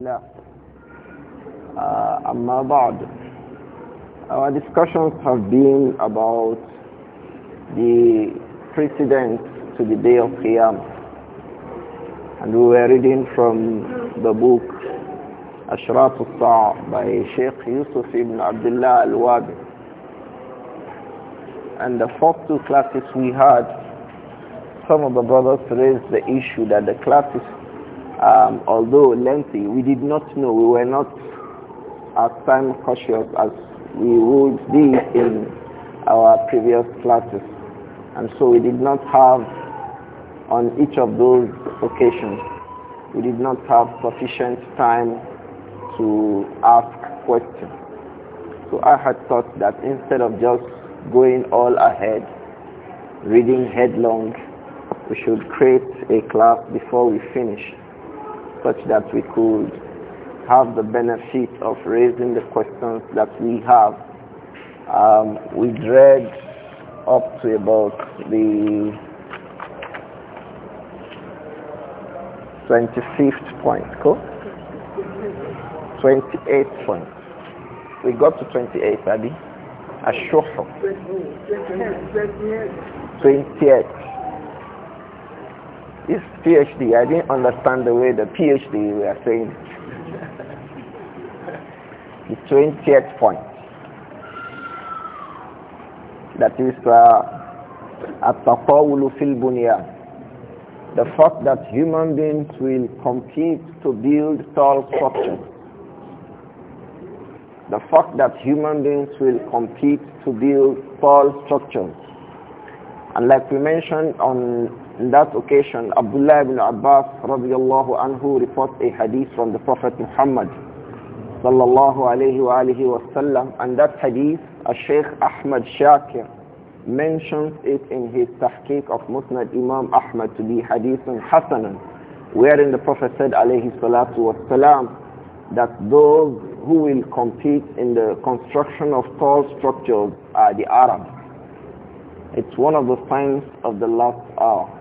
الله أما بعد Our discussions have been about the precedence to the day of Qiyam and we were reading from the book Ashraf al by Sheikh Yusuf ibn Abdullah al-Wabi and the first two classes we had some of the brothers raised the issue that the classes um, although lengthy, we did not know, we were not as time cautious as we would be in our previous classes. And so we did not have, on each of those occasions, we did not have sufficient time to ask questions. So I had thought that instead of just going all ahead, reading headlong, we should create a class before we finish such that we could have the benefit of raising the questions that we have. Um, we read up to about the 25th point, cool? 28th point. We got to 28th, Abby. Ashokho. 28th. It's PhD, I didn't understand the way the PhD were saying The 20th point. That is uh, at-taqawulu fil The fact that human beings will compete to build tall structures. The fact that human beings will compete to build tall structures. And like we mentioned on in that occasion, Abdullah ibn Abbas radiallahu anhu reports a hadith from the Prophet Muhammad sallallahu alayhi wa and that hadith, a Sheikh Ahmad Shakir mentions it in his tahqiq of Musnad Imam Ahmad to be hadith hasanan wherein the Prophet said alayhi salatu that those who will compete in the construction of tall structures are the Arabs. It's one of the signs of the last hour.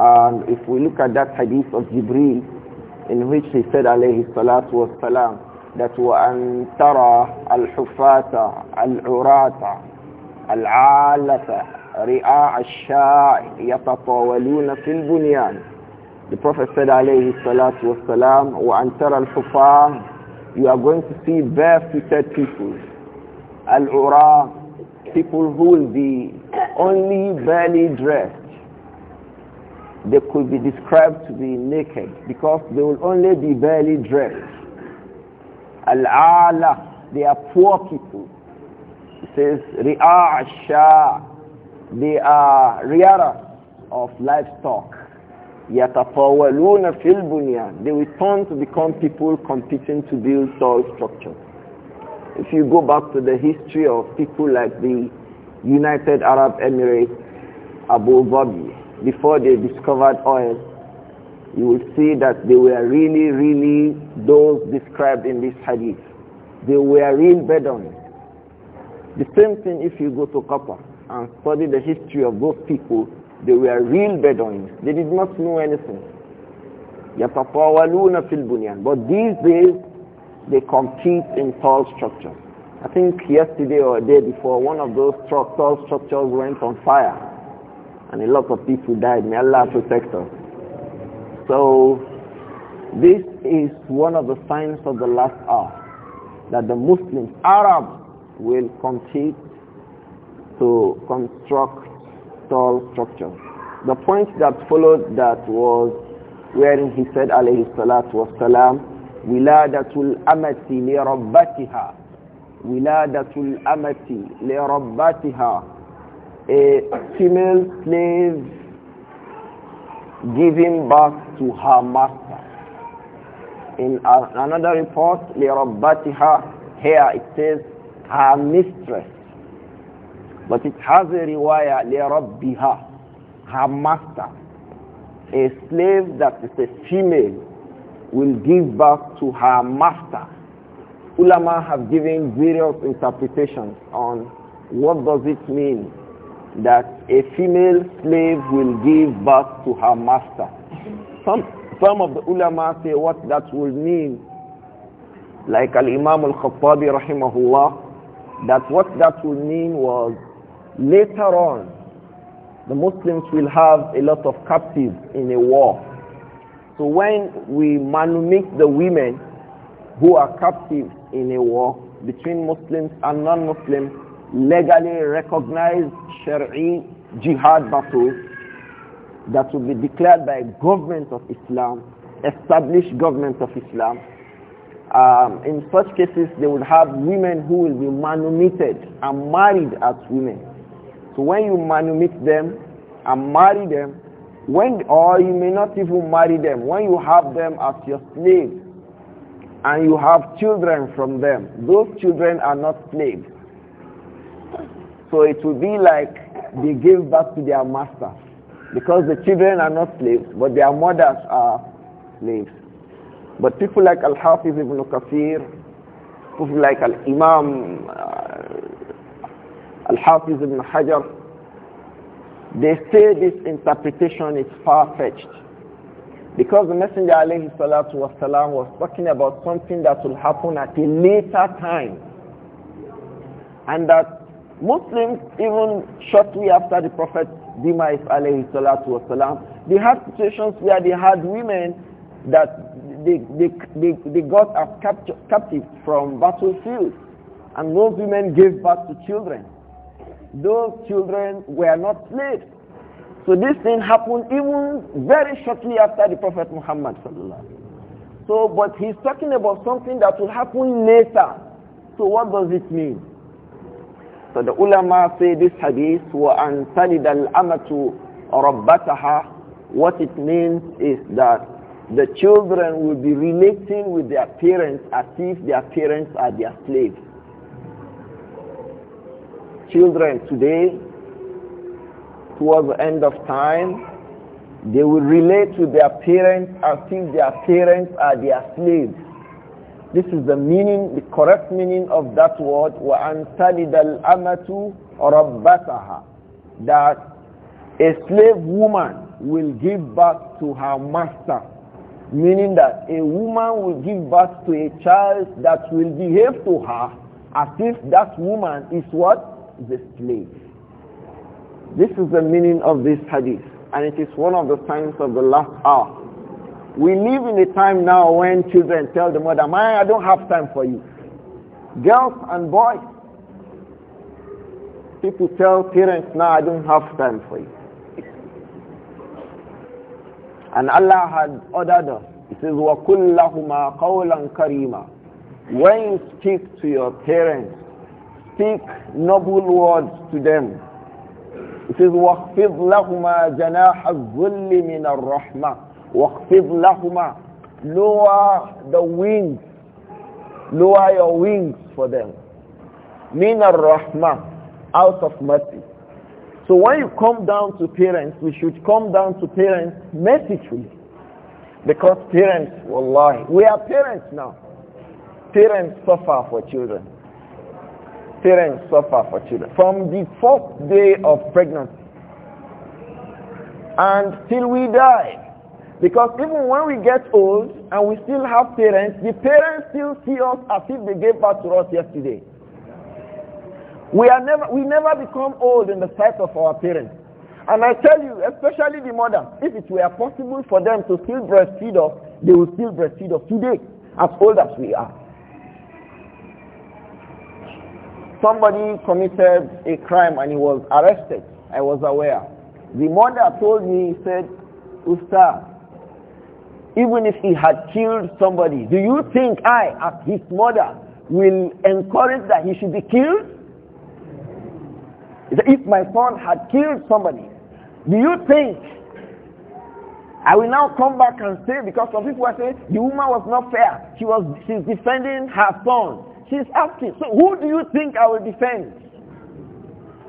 And if we look at that hadith of Jibril, in which he said, alayhi salatu was salam, that وَأَن تَرَى الْحُفَاةَ الْعُرَاةَ الْعَالَةَ ri'a الشَّاعِ يَتَطَاوَلُونَ فِي الْبُنْيَانِ The Prophet said, alayhi salatu was salam, وَأَن تَرَى الْحُفَاةَ You are going to see barefooted people. Al-Ura, people who will be only barely dressed they could be described to be naked because they will only be barely dressed. Al-Ala, they are poor people. It says, Ri'a'asha, they are riara of livestock. يَتَطَوَّلُونَ فِي الْبُنْيَانِ They will turn to become people competing to build tall structures. If you go back to the history of people like the United Arab Emirates, Abu Dhabi, before they discovered oil, you will see that they were really, really those described in this hadith. They were real Bedouins. The same thing if you go to Qatar and study the history of those people, they were real Bedouins. They did not know anything. يَتَطَاوَلُونَ فِي الْبُنْيَانِ But these days, they compete in tall structures. I think yesterday or a day before, one of those tall structures went on fire and a lot of people died. May Allah protect us. So this is one of the signs of the last hour that the Muslims, Arabs, will compete to construct tall structures. The point that followed that was wherein he said alayhi salatu wasalam wiladatul amati li rabbatiha wiladatul amati li rabbatiha a female slave giving birth to her master. In another report, لِرَبَّتِهَا Here it says, her mistress. But it has a riwayah, لِرَبِّهَا Her master. A slave that is a female will give birth to her master. Ulama have given various interpretations on what does it mean that a female slave will give birth to her master. Some, some of the ulama say what that will mean, like Al-Imam Al-Khattabi rahimahullah, that what that will mean was later on, the Muslims will have a lot of captives in a war. So when we manumit the women who are captives in a war between Muslims and non-Muslims, legally recognized Shari'i jihad battles that will be declared by government of Islam, established government of Islam. Um, in such cases, they will have women who will be manumitted and married as women. So when you manumit them and marry them, when or you may not even marry them, when you have them as your slaves and you have children from them, those children are not slaves. So it will be like they gave back to their masters. Because the children are not slaves, but their mothers are slaves. But people like Al-Hafiz ibn Kafir, people like Al-Imam uh, Al-Hafiz ibn Hajar, they say this interpretation is far-fetched. Because the Messenger alayhi salatu wasalam, was talking about something that will happen at a later time. And that Muslims, even shortly after the Prophet demise, alayhi salatu wasalam, they had situations where they had women that they, they, they, they got as captive, from battlefields. And those women gave birth to children. Those children were not slaves. So this thing happened even very shortly after the Prophet Muhammad So, but he's talking about something that will happen later. So what does it mean? So the ulama say this hadith, وَأَنْ تَلِدَ amatu رَبَّتَهَا What it means is that the children will be relating with their parents as if their parents are their slaves. Children today, towards the end of time, they will relate to their parents as if their parents are their slaves. This is the meaning, the correct meaning of that word, وَأَن al الْأَمَةُ رَبَّتَهَا That a slave woman will give birth to her master. Meaning that a woman will give birth to a child that will behave to her as if that woman is what? The slave. This is the meaning of this hadith. And it is one of the signs of the last hour. We live in a time now when children tell the mother, man, I don't have time for you. Girls and boys. People tell parents now, I don't have time for you. And Allah had ordered us. He says, وَقُلْ لَهُمَا قَوْلًا كَرِيمًا When you speak to your parents, speak noble words to them. He says, وَخْفِضْ لَهُمَا جَنَاحَ الظُّلِّ مِنَ الرَّحْمَةِ waqfid lahuma lower the wings lower your wings for them min rahma out of mercy so when you come down to parents we should come down to parents mercifully because parents wallahi we are parents now parents suffer for children parents suffer for children from the fourth day of pregnancy and till we die because even when we get old and we still have parents, the parents still see us as if they gave birth to us yesterday. We are never we never become old in the sight of our parents. And I tell you, especially the mother, if it were possible for them to still breastfeed us, they will still breastfeed us today, as old as we are. Somebody committed a crime and he was arrested. I was aware. The mother told me, he said, Ustaz, even if he had killed somebody, do you think I, as his mother, will encourage that he should be killed? If my son had killed somebody, do you think I will now come back and say, because some people are saying, the woman was not fair. She was, she's defending her son. She's asking, so who do you think I will defend?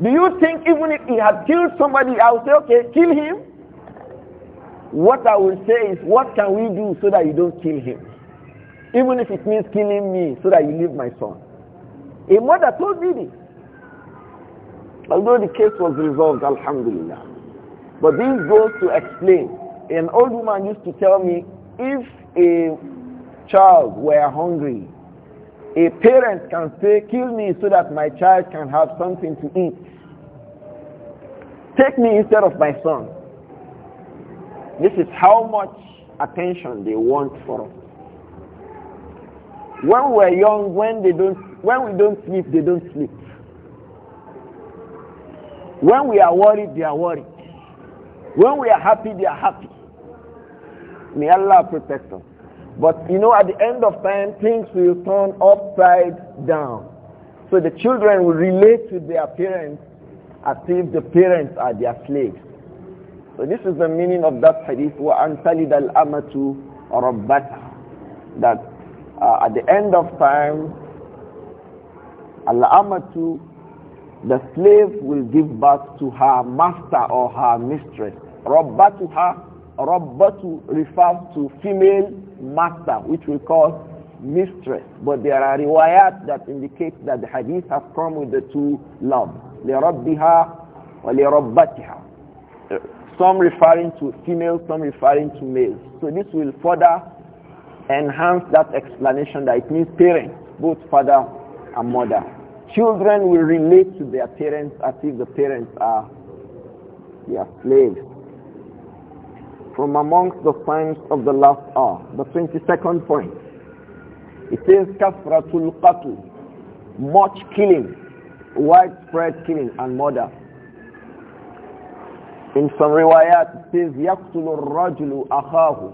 Do you think even if he had killed somebody, I will say, okay, kill him? What I will say is, what can we do so that you don't kill him? Even if it means killing me so that you leave my son. A mother told me this. Although the case was resolved, alhamdulillah. But this goes to explain. An old woman used to tell me, if a child were hungry, a parent can say, kill me so that my child can have something to eat. Take me instead of my son. This is how much attention they want for us. When we're young, when they don't, when we don't sleep, they don't sleep. When we are worried, they are worried. When we are happy, they are happy. May Allah protect us. But you know, at the end of time, things will turn upside down. So the children will relate to their parents as if the parents are their slaves. So this is the meaning of that hadith, وَأَنْ تَلِدَ الْأَمَةُ رَبَّتَ That uh, at the end of time, Al-Amatu, the slave will give birth to her master or her mistress. Rabbatuha, Rabbatu refers to female master, which we call mistress. But there are riwayat that indicate that the hadith has come with the two love. لِرَبِّهَا وَلِرَبَّتِهَا some referring to females, some referring to males. So this will further enhance that explanation that it means parents, both father and mother. Children will relate to their parents as if the parents are their slaves. From amongst the signs of the last hour, the 22nd point, it says kafratul qatl, much killing, widespread killing and murder. In some riwayat, it says, يَقْتُلُ rajulu أَخَاهُ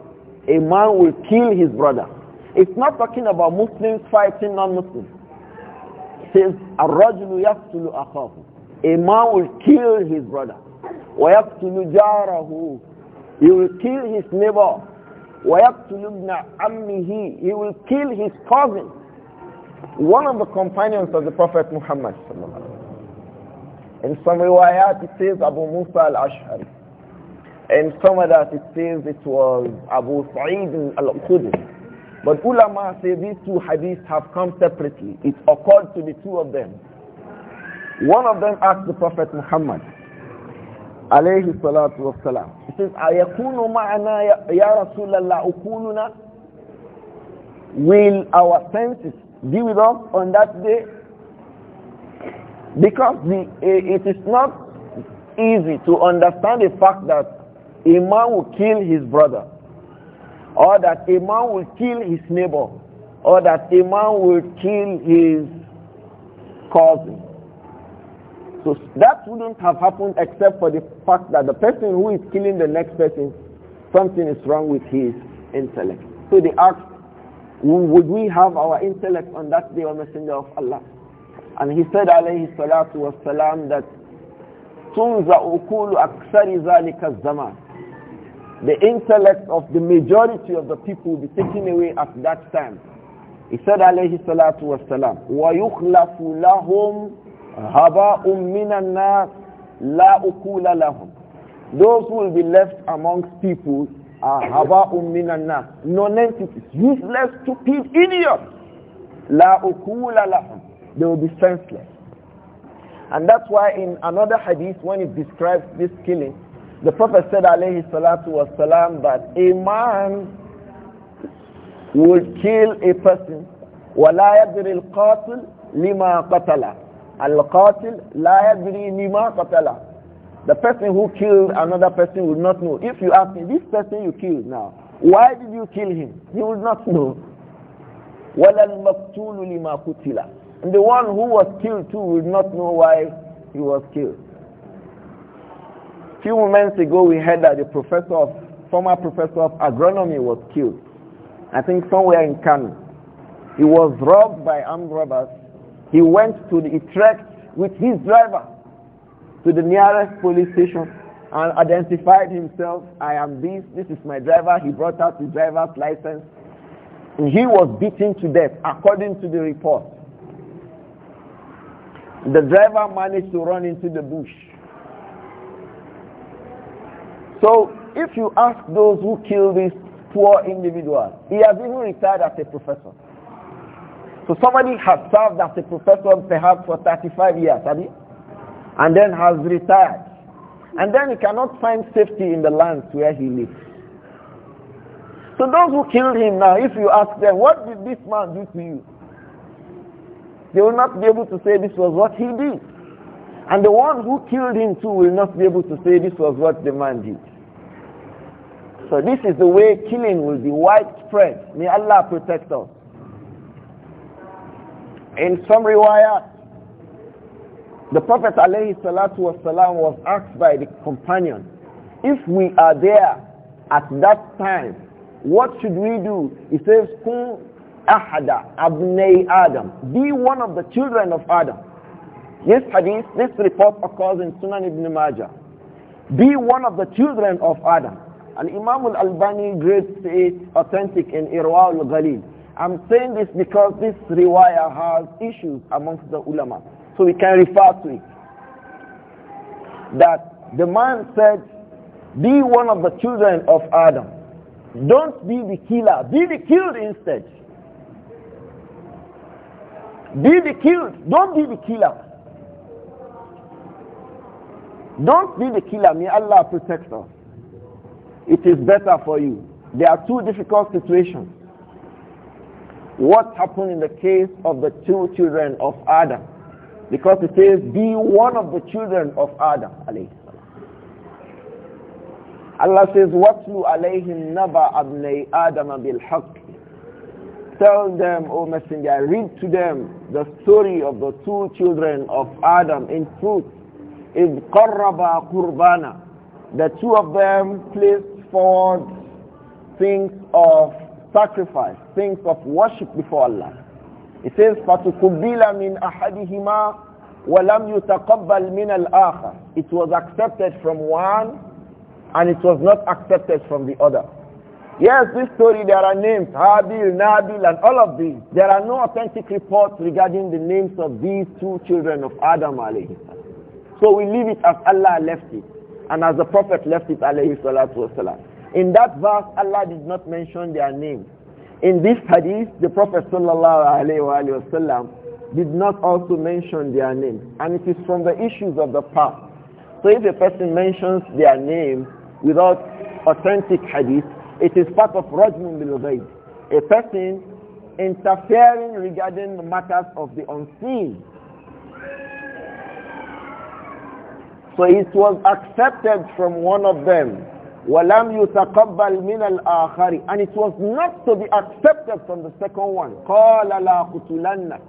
A man will kill his brother. It's not talking about Muslims fighting non-Muslims. It says, rajulu يَقْتُلُ أَخَاهُ A man will kill his brother. وَيَقْتُلُ jarahu, He will kill his neighbor. وَيَقْتُلُ ابْنَ ammihi, He will kill his cousin. One of the companions of the Prophet Muhammad sallallahu in some riwayat it says Abu Musa al-Ash'ari. In some that it says it was Abu Sa'id al-Khudri. But ulama say these two hadiths have come separately. It occurred to the two of them. One of them asked the Prophet Muhammad, alayhi salatu wasalam, he says, أَيَكُونُ مَعَنَا يَا رَسُولَ اللَّهِ أُكُونُنَا Will our senses be with us on that day? Because the, eh, it is not easy to understand the fact that a man will kill his brother, or that a man will kill his neighbor, or that a man will kill his cousin. So that wouldn't have happened except for the fact that the person who is killing the next person, something is wrong with his intellect. So they asked, would we have our intellect on that day, O Messenger of Allah? And he said alayhi salatu was salam that tunza ukulu aksari zalika zaman. The intellect of the majority of the people will be taken away at that time. He said alayhi salatu was salam. وَيُخْلَفُ لَهُمْ هَبَاءٌ مِّنَ النَّاسِ لَا أُكُولَ لَهُمْ Those who will be left amongst people are haba'un minan nas non-entities useless stupid idiots la ukula lahum they will be senseless. And that's why in another hadith, when it describes this killing, the Prophet said, alayhi salatu wasalam, that a man would kill a person, وَلَا يَدْرِ الْقَاتِلِ لِمَا قَتَلَ الْقَاتِلِ لَا يَدْرِ لِمَا قَتَلَ The person who killed another person would not know. If you ask him, this person you killed now, why did you kill him? He would not know. وَلَا الْمَقْتُولُ لِمَا قُتِلَ and the one who was killed too will not know why he was killed. Few moments ago we heard that the professor of, former professor of agronomy was killed. I think somewhere in Kano. He was robbed by armed robbers. He went to the Utrecht with his driver to the nearest police station and identified himself. I am this. This is my driver. He brought out the driver's license. And he was beaten to death according to the report. The driver managed to run into the bush. So if you ask those who killed this poor individual, he has even retired as a professor. So somebody has served as a professor perhaps for 35 years, have you? And then has retired. And then he cannot find safety in the lands where he lives. So those who killed him now, if you ask them, what did this man do to you? They will not be able to say this was what he did. And the one who killed him too will not be able to say this was what the man did. So this is the way killing will be widespread. May Allah protect us. In some riwayat, the Prophet ﷺ was asked by the companion, if we are there at that time, what should we do? He says, ahada abnay Adam. Be one of the children of Adam. This hadith, this report occurs in Sunan ibn Majah. Be one of the children of Adam. And Imam al-Albani grades it authentic in Irwa al-Ghalil. I'm saying this because this riwayah has issues amongst the ulama. So we can refer to it. That the man said, be one of the children of Adam. Don't be the killer. Be the killed instead. Be the killed. Don't be the killer. Don't be the killer. May Allah protect us. It is better for you. There are two difficult situations. What happened in the case of the two children of Adam? Because it says, be one of the children of Adam. Allah says, وَاتْلُ عَلَيْهِمْ نَبَأَ أَبْنَيْ آدَمَ بِالْحَقِّ Tell them, O Messenger, read to them the story of the two children of Adam in truth, in قَرَّبَا Qurbana, The two of them placed forward things of sacrifice, things of worship before Allah. It says, فَتُقُبِّلَ مِنْ أَحَدِهِمَا وَلَمْ يُتَقَبَّلْ مِنَ الْآخَرِ It was accepted from one and it was not accepted from the other. Yes, this story, there are names, Habil, Nabil, and all of these. There are no authentic reports regarding the names of these two children of Adam alayhi So we leave it as Allah left it, and as the Prophet left it alayhi salatu wasalam. In that verse, Allah did not mention their names. In this hadith, the Prophet sallallahu alayhi wasallam did not also mention their names. And it is from the issues of the past. So if a person mentions their name without authentic hadith, it is part of Rajmun bil A person interfering regarding the matters of the unseen. So it was accepted from one of them. وَلَمْ يُتَقَبَّلْ مِنَ الْآخَرِ And it was not to be accepted from the second one. قَالَ لَا قُتُلَنَّكَ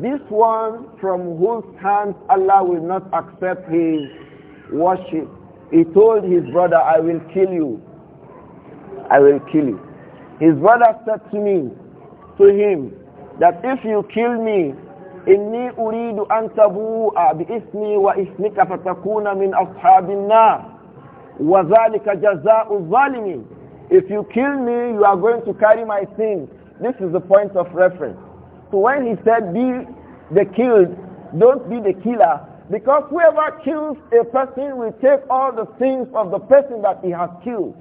This one from whose hands Allah will not accept his worship. He told his brother, I will kill you. I will kill you. His brother said to me, to him, that if you kill me, If you kill me, you are going to carry my sin. This is the point of reference. So when he said, be the killed, don't be the killer, because whoever kills a person will take all the sins of the person that he has killed.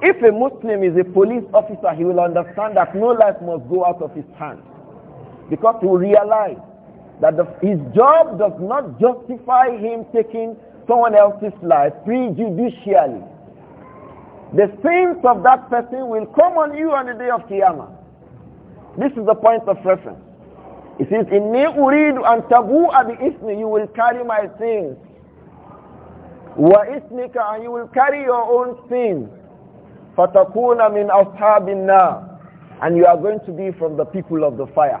If a Muslim is a police officer, he will understand that no life must go out of his hands. Because he will realize that the, his job does not justify him taking someone else's life prejudicially. The sins of that person will come on you on the day of Qiyamah. This is the point of reference. It says, Inni uridu an tabu'a bi ismi, you will carry my sins. Wa ismika, and you will carry your own sins. فَتَكُونَ مِنْ أَصْحَابِ النَّارِ And you are going to be from the people of the fire.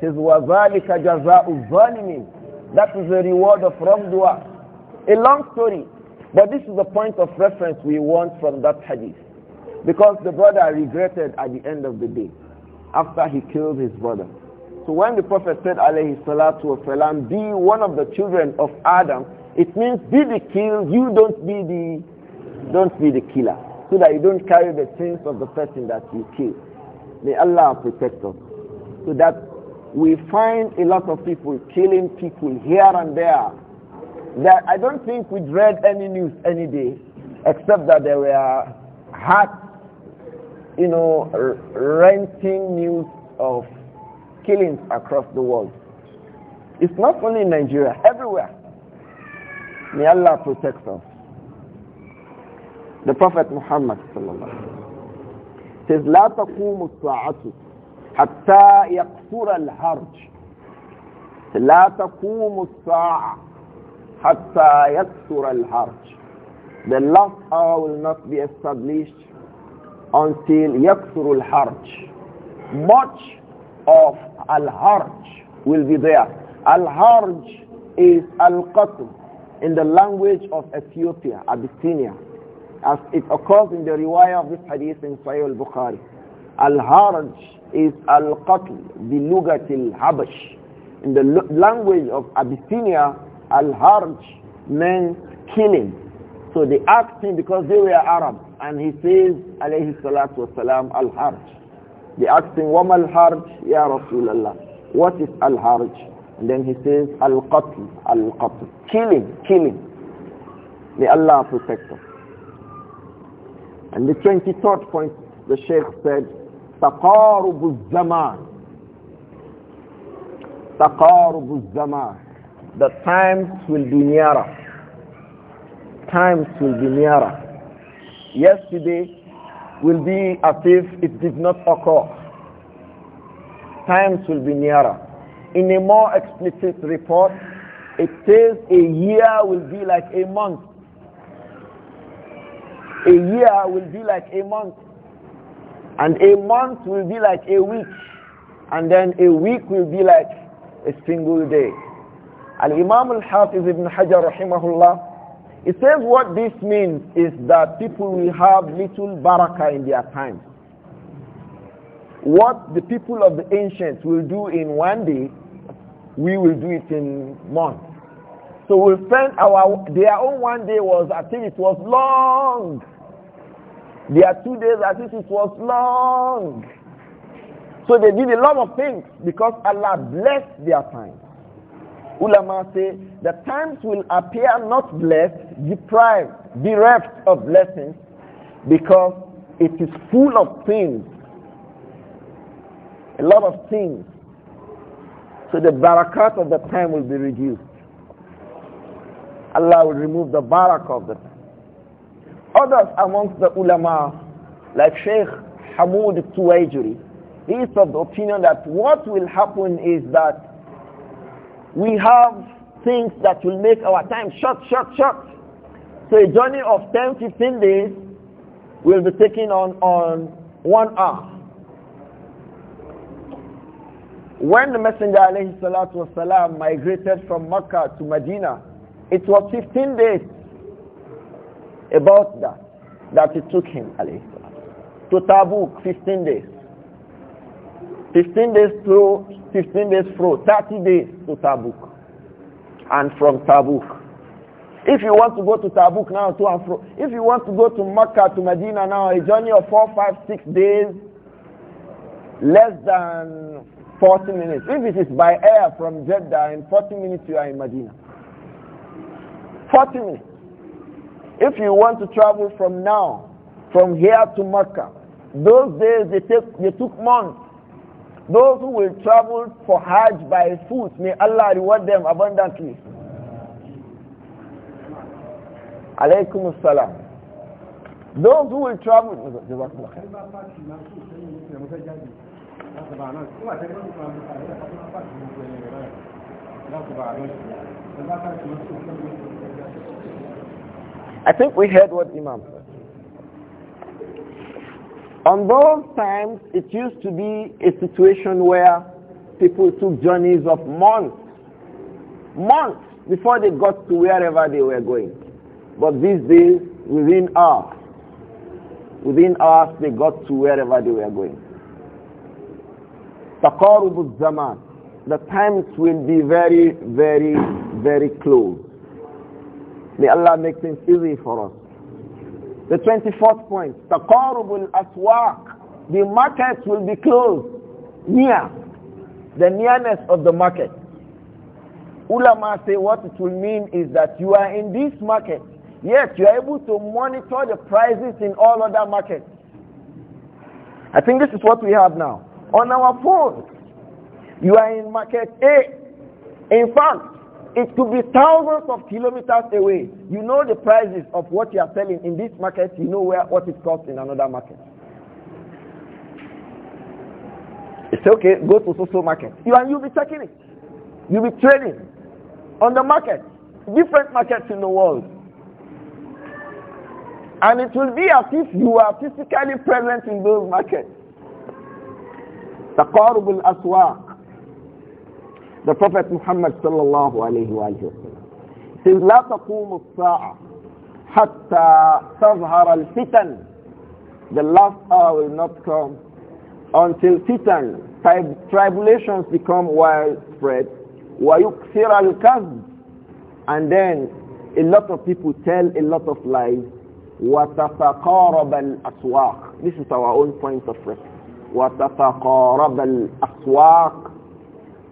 says, وَذَلِكَ kajaza الظَّالِمِينَ That is the reward of wrongdoer. A long story, but this is the point of reference we want from that hadith. Because the brother regretted at the end of the day, after he killed his brother. So when the Prophet said, alayhi salatu wasalam, be one of the children of Adam, it means be the kill, you don't be the, don't be the killer so that you don't carry the sins of the person that you kill. May Allah protect us. So that we find a lot of people killing people here and there. That I don't think we read any news any day, except that there were hot, you know, renting news of killings across the world. It's not only in Nigeria, everywhere. May Allah protect us. The Prophet Muhammad says, لا تقوم al-harj. La الحرج لا تقوم الساعة حتى al-harj. The last hour will not be established until al-harj. Much of al-harj will be there. Al-harj is al-qatl in the language of Ethiopia, Abyssinia as it occurs in the riwayah of this hadith in Sahih al-Bukhari. Al-Haraj is al-qatl bilugat habash In the language of Abyssinia, al-Haraj means killing. So they asked him because they were Arabs and he says alayhi salatu wasalam al-Haraj. They asked him, وَمَا الْحَرْجِ Ya Rasulallah. What is al-Haraj? And then he says, al-Qatl, al-Qatl. Killing, killing. May Allah protect us. And the 23rd point, the Sheikh said, تقارب الزمان تقارب الزمان The times will be nearer. Times will be nearer. Yesterday will be as if it did not occur. Times will be nearer. In a more explicit report, it says a year will be like a month. A year will be like a month. And a month will be like a week. And then a week will be like a single day. Al-Imam al-Hafiz ibn Hajar rahimahullah, it says what this means is that people will have little barakah in their time. What the people of the ancients will do in one day, we will do it in months. So we spent our, their own one day was, I think it was long. Their two days, I think it was long. So they did a lot of things because Allah blessed their time. Ulama say, the times will appear not blessed, deprived, bereft of blessings because it is full of things. A lot of things. So the barakat of the time will be reduced. Allah will remove the barak of them. Others amongst the ulama, like Sheikh Hamoud Tuwajuri, he is of the opinion that what will happen is that we have things that will make our time short, short, short. So a journey of 10, 15 days will be taken on, on one hour. When the Messenger والسلام, migrated from Mecca to Medina, it was 15 days about that that it took him to Tabuk 15 days 15 days through 15 days through 30 days to Tabuk and from Tabuk if you want to go to Tabuk now to and fro if you want to go to Mecca to Medina now a journey of 4 5 6 days less than 40 minutes if it is by air from Jeddah in 40 minutes you are in Medina 40 minutes. If you want to travel from now, from here to Mecca, those days they, take, they took months. Those who will travel for Hajj by foot, may Allah reward them abundantly. Alaykum salam Those who will travel... I think we heard what Imam said. On those times, it used to be a situation where people took journeys of months, months before they got to wherever they were going. But these days, within hours, within hours they got to wherever they were going. تقارب zaman. The times will be very, very, very close. May Allah make things easy for us. The 24th point, at work. The markets will be closed, near, the nearness of the market. Ulama say what it will mean is that you are in this market, yet you are able to monitor the prices in all other markets. I think this is what we have now. On our phones, you are in market A. In fact, it could be thousands of kilometers away. You know the prices of what you are selling in this market. You know where what it costs in another market. It's okay. Go to social market. You and you'll be checking it. You'll be trading on the market, different markets in the world. And it will be as if you are physically present in those markets. The as well. The Prophet Muhammad sallallahu alayhi wa sallam says, لا تقوم الساعة حتى تظهر الفتن The last hour will not come until fitan, tribulations become widespread. al الْكَذْبِ And then a lot of people tell a lot of lies. وَتَتَقَارَبَ الْأَسْوَاقِ This is our own point of reference. وَتَتَقَارَبَ الْأَسْوَاقِ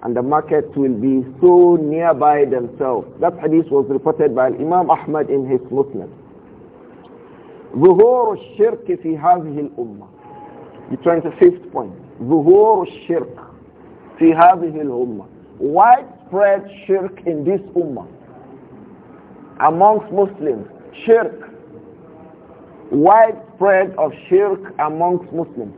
and the market will be so nearby themselves. That hadith was reported by Imam Ahmad in his Muslim. ظهور الشرك في هذه الأمة. The 25th point. ظهور الشرك في هذه الأمة. Widespread shirk in this ummah. Amongst Muslims, shirk. Widespread of shirk amongst Muslims.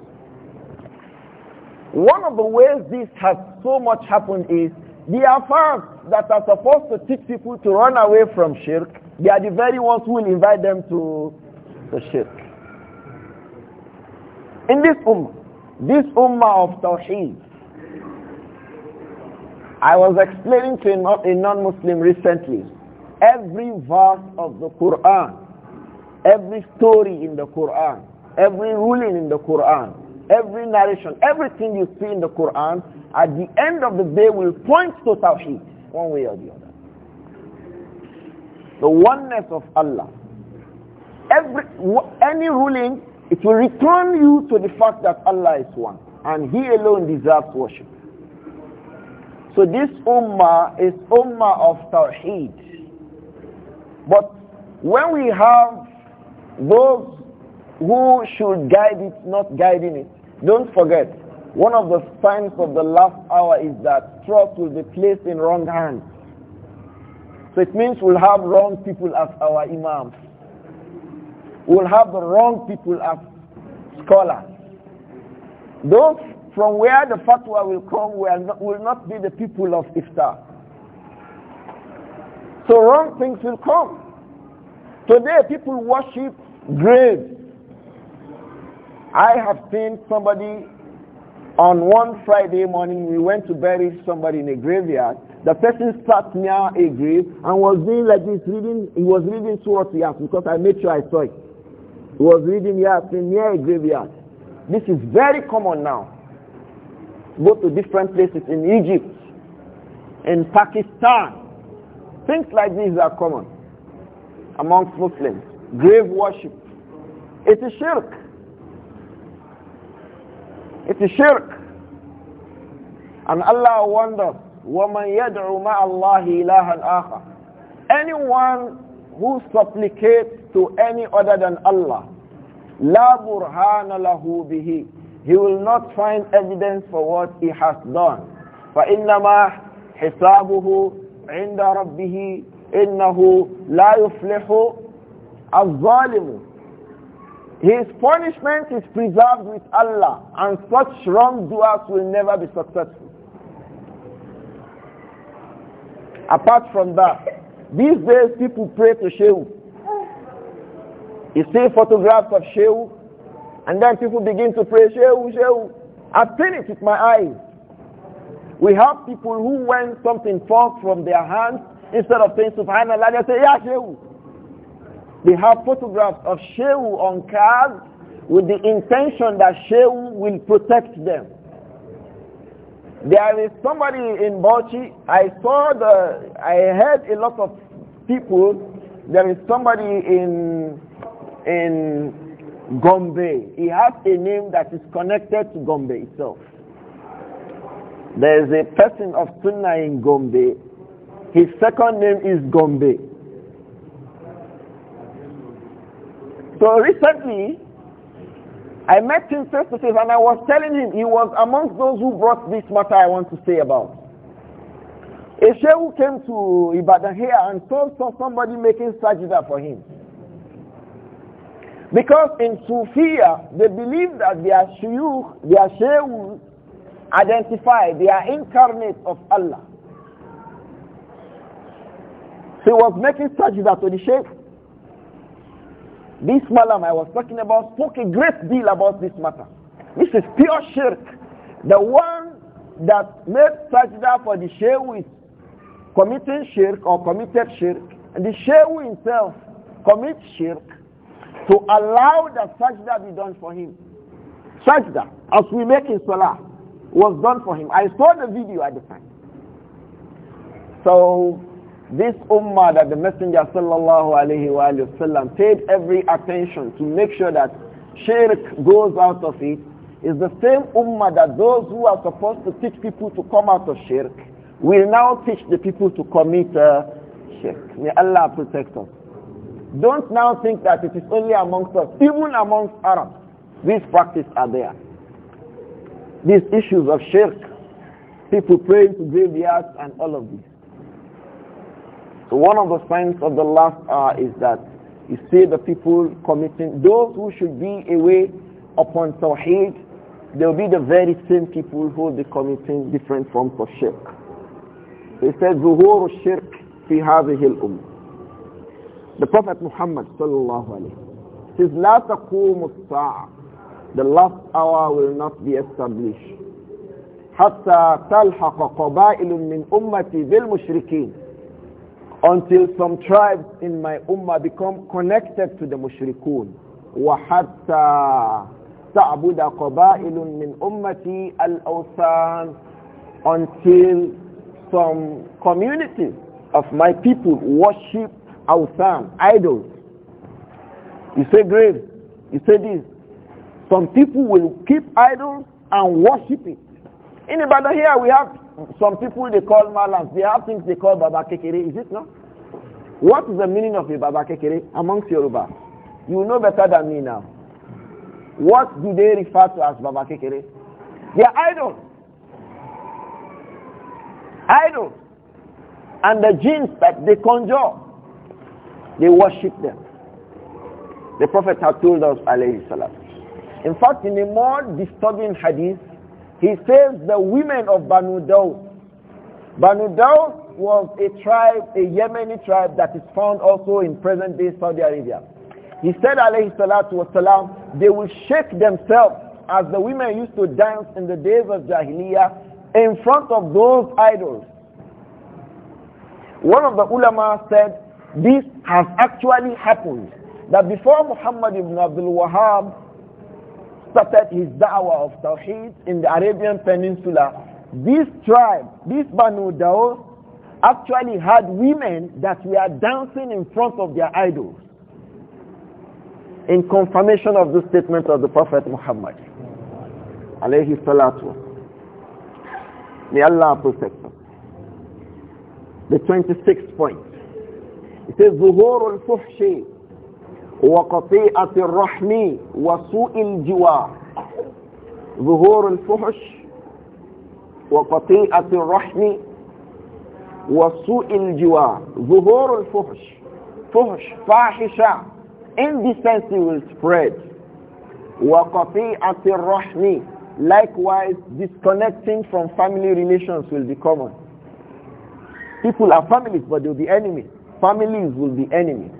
One of the ways this has so much happened is the affairs that are supposed to teach people to run away from shirk, they are the very ones who will invite them to the shirk. In this ummah, this ummah of Tawheed, I was explaining to a non-Muslim recently, every verse of the Quran, every story in the Quran, every ruling in the Quran, every narration, everything you see in the Quran, at the end of the day will point to Tawheed, one way or the other. The oneness of Allah. Every, any ruling, it will return you to the fact that Allah is one. And He alone deserves worship. So this ummah is ummah of Tawheed. But when we have those who should guide it, not guiding it. Don't forget, one of the signs of the last hour is that trust will be placed in wrong hands. So it means we'll have wrong people as our imams. We'll have the wrong people as scholars. Those from where the fatwa will come will not, will not be the people of iftar. So wrong things will come. Today people worship graves I have seen somebody on one Friday morning, we went to bury somebody in a graveyard. The person sat near a grave and was doing like this, reading, he was reading the earth because I made sure I saw it. He was reading Yasin near a graveyard. This is very common now. Go to different places in Egypt, in Pakistan. Things like these are common amongst Muslims. Grave worship. It is shirk. It is shirk. And Allah warned us, وَمَنْ يَدْعُ مَعَ اللَّهِ إِلَهًا آخَرَ Anyone who supplicates to any other than Allah, لَا بُرْهَانَ لَهُ بِهِ He will not find evidence for what he has done. فَإِنَّمَا حِسَابُهُ عِنْدَ رَبِّهِ إِنَّهُ لَا يُفْلِحُ الظَّالِمُ His punishment is preserved with Allah and such wrongdoers will never be successful. Apart from that, these days people pray to Shehu. You see photographs of Shehu and then people begin to pray, Shehu, Shehu. I've seen it with my eyes. We have people who when something falls from their hands, instead of saying Subhanallah, they say, Ya Shehu. They have photographs of Shehu on cars with the intention that Shehu will protect them. There is somebody in Bochi, I saw the, I heard a lot of people, there is somebody in, in Gombe. He has a name that is connected to Gombe itself. There is a person of Sunnah in Gombe. His second name is Gombe. So recently, I met him face to face and I was telling him he was amongst those who brought this matter I want to say about. A shehu came to Ibadan here and told somebody making sajida for him. Because in Sufia, they believe that their shuyukh, their shehus, identify, they are incarnate of Allah. So he was making sajida to the sheikh. This malam I was talking about spoke a great deal about this matter. This is pure shirk. The one that made sajda for the shehu is committing shirk or committed shirk. And the shehu himself commits shirk to allow that sajda be done for him. Sajda, as we make in salah, was done for him. I saw the video at the time. So this ummah that the Messenger sallallahu alayhi wa sallam paid every attention to make sure that shirk goes out of it is the same ummah that those who are supposed to teach people to come out of shirk will now teach the people to commit uh, shirk. May Allah protect us. Don't now think that it is only amongst us, even amongst Arabs. These practices are there. These issues of shirk, people praying to graveyards and all of this. So one of the signs of the last hour is that you see the people committing, those who should be away upon Tawheed, they'll be the very same people who will be committing different forms of shirk. They said, ظهور الشرك في هذه الأمة. The Prophet Muhammad صلى الله عليه says, لا تقوم الساعة. The last hour will not be established. حتى تلحق قبائل من أمتي بالمشركين until some tribes in my ummah become connected to the mushrikun وَحَتَّى تَعْبُدَ min ummati al الْأَوْثَانِ until some communities of my people worship awthan, idols. You say grave, you say this. Some people will keep idols and worship it. In Ibadan here, we have some people they call malams. They have things they call baba kekere. Is it not? What is the meaning of a baba kekere amongst Yoruba? You know better than me now. What do they refer to as baba kekere? They are idols. Idols. And the jinns that they conjure, they worship them. The Prophet had told us, alayhi salam. In fact, in a more disturbing hadith, he says the women of Banu Daud. Banu Daud was a tribe, a Yemeni tribe that is found also in present-day Saudi Arabia. He said, alayhi salatu wasalam, they will shake themselves as the women used to dance in the days of Jahiliyyah in front of those idols. One of the ulama said, this has actually happened. That before Muhammad ibn Abdul Wahhab started his da'wah of Tawheed in the Arabian Peninsula, this tribe, this Banu Daud, actually had women that were dancing in front of their idols in confirmation of the statement of the Prophet Muhammad. Alayhi salatu. May Allah protect us. The 26th point. It says, ظهور الفحش وقطيعة الرحم وسوء الجوار ظهور الفحش وقطيعة الرحم وسوء الجوار ظهور الفحش فحش فاحشة indecency will spread وقطيعة الرحم likewise disconnecting from family relations will be common people are families but they'll be enemies families will be enemies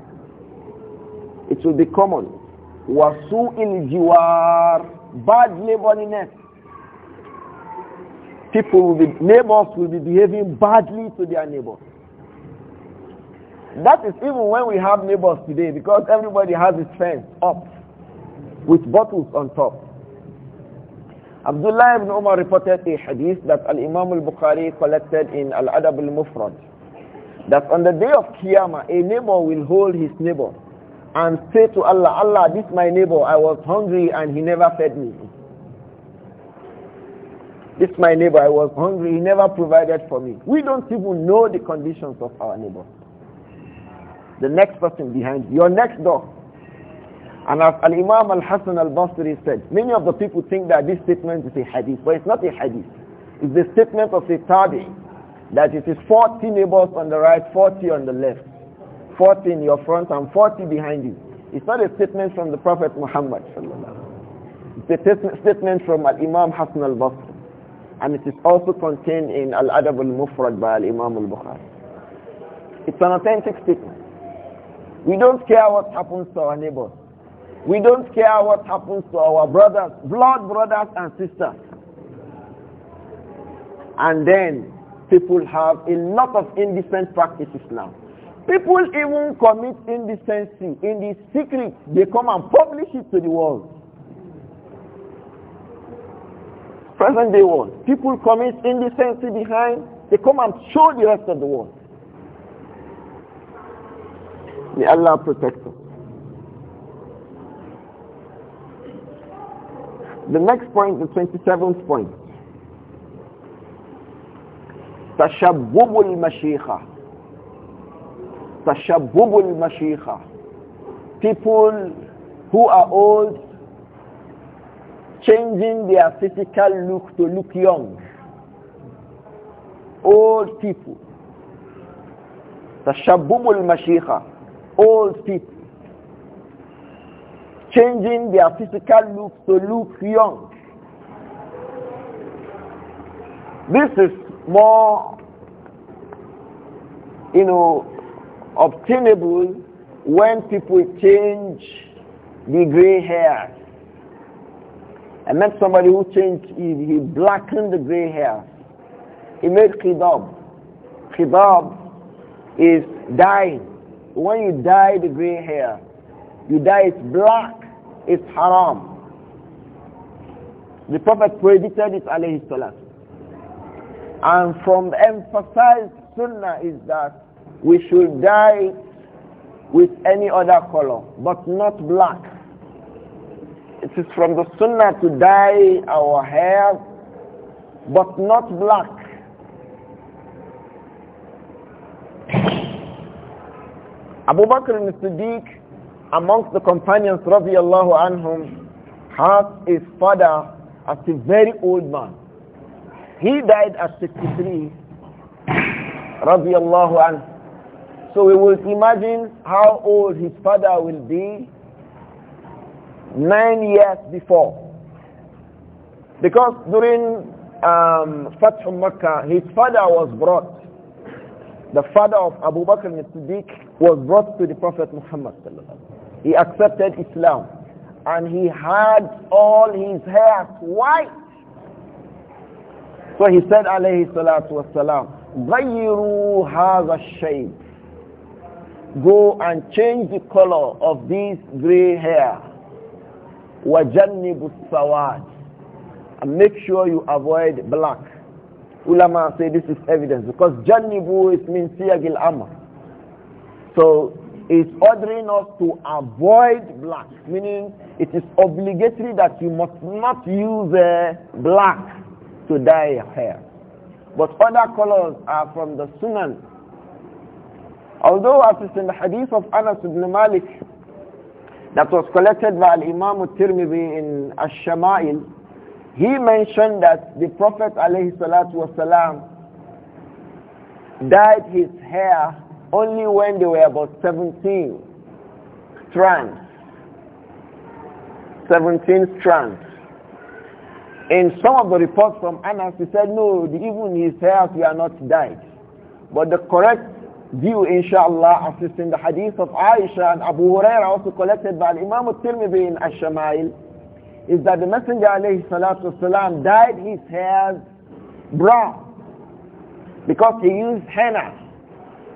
it will be common. Wasu in jiwar, bad neighborliness. People will be, neighbors will be behaving badly to their neighbors. That is even when we have neighbors today because everybody has his fence up with bottles on top. Abdullah ibn Umar reported a hadith that Al-Imam al-Bukhari collected in Al-Adab al-Mufrad that on the day of Qiyamah, a neighbor will hold his neighbor and say to Allah, Allah, this my neighbor, I was hungry and he never fed me. This my neighbor, I was hungry, he never provided for me. We don't even know the conditions of our neighbor. The next person behind, you, your next door. And as Al-Imam Al-Hassan Al-Basri said, many of the people think that this statement is a hadith, but it's not a hadith. It's the statement of a tabi, that it is 40 neighbors on the right, 40 on the left. 40 in your front and 40 behind you. It's not a statement from the Prophet Muhammad. It's a statement from Al-Imam Hassan al-Basri. And it is also contained in Al-Adab al-Mufrad by Al-Imam al-Bukhari. It's an authentic statement. We don't care what happens to our neighbors. We don't care what happens to our brothers, blood brothers and sisters. And then people have a lot of indecent practices now. People even commit indecency in the secret. They come and publish it to the world. Present day world. People commit indecency behind. They come and show the rest of the world. May Allah protect us. The next point, the 27th point. تشبب المشيخه Tashabbubul Mashikha. People who are old changing their physical look to look young. Old people. Tashabbubul Mashikha. Old people. Changing their physical look to look young. This is more, you know, obtainable when people change the gray hair. I met somebody who changed, he, he blackened the gray hair. He made khidab. Khidab is dyeing. When you dye the gray hair, you dye it black, it's haram. The Prophet predicted it, alayhi salam. And from emphasized sunnah is that we should dye with any other color, but not black. It is from the sunnah to dye our hair, but not black. Abu Bakr al-Siddiq, amongst the companions radiallahu anhum, had his father as a very old man. He died at 63 radiallahu anhu. So we will imagine how old his father will be nine years before. Because during um, Fatih Makkah, his father was brought. The father of Abu Bakr al-Siddiq was brought to the Prophet Muhammad. He accepted Islam and he had all his hair white. So he said alayhi salatu wasalam, غَيِّرُوا هَذَا الشَّيْبِ go and change the color of this gray hair wajannibu sawad and make sure you avoid black ulama say this is evidence because jannibu is min siyagil amr so it's ordering us to avoid black meaning it is obligatory that you must not use uh, black to dye your hair but other colors are from the sunan Although as is in the hadith of Anas ibn Malik that was collected by Imam al-Tirmidhi in Ash-Shama'il, he mentioned that the Prophet alayhi wasalam dyed his hair only when they were about 17 strands. 17 strands. In some of the reports from Anas, he said, no, even his hair we are not dyed. But the correct view inshallah, assisting the hadith of Aisha and Abu Hurairah, also collected by Imam al-Tirmidhi in Ash-Shamail, is that the Messenger alayhi salatu wasalam dyed his hair brown because he used henna.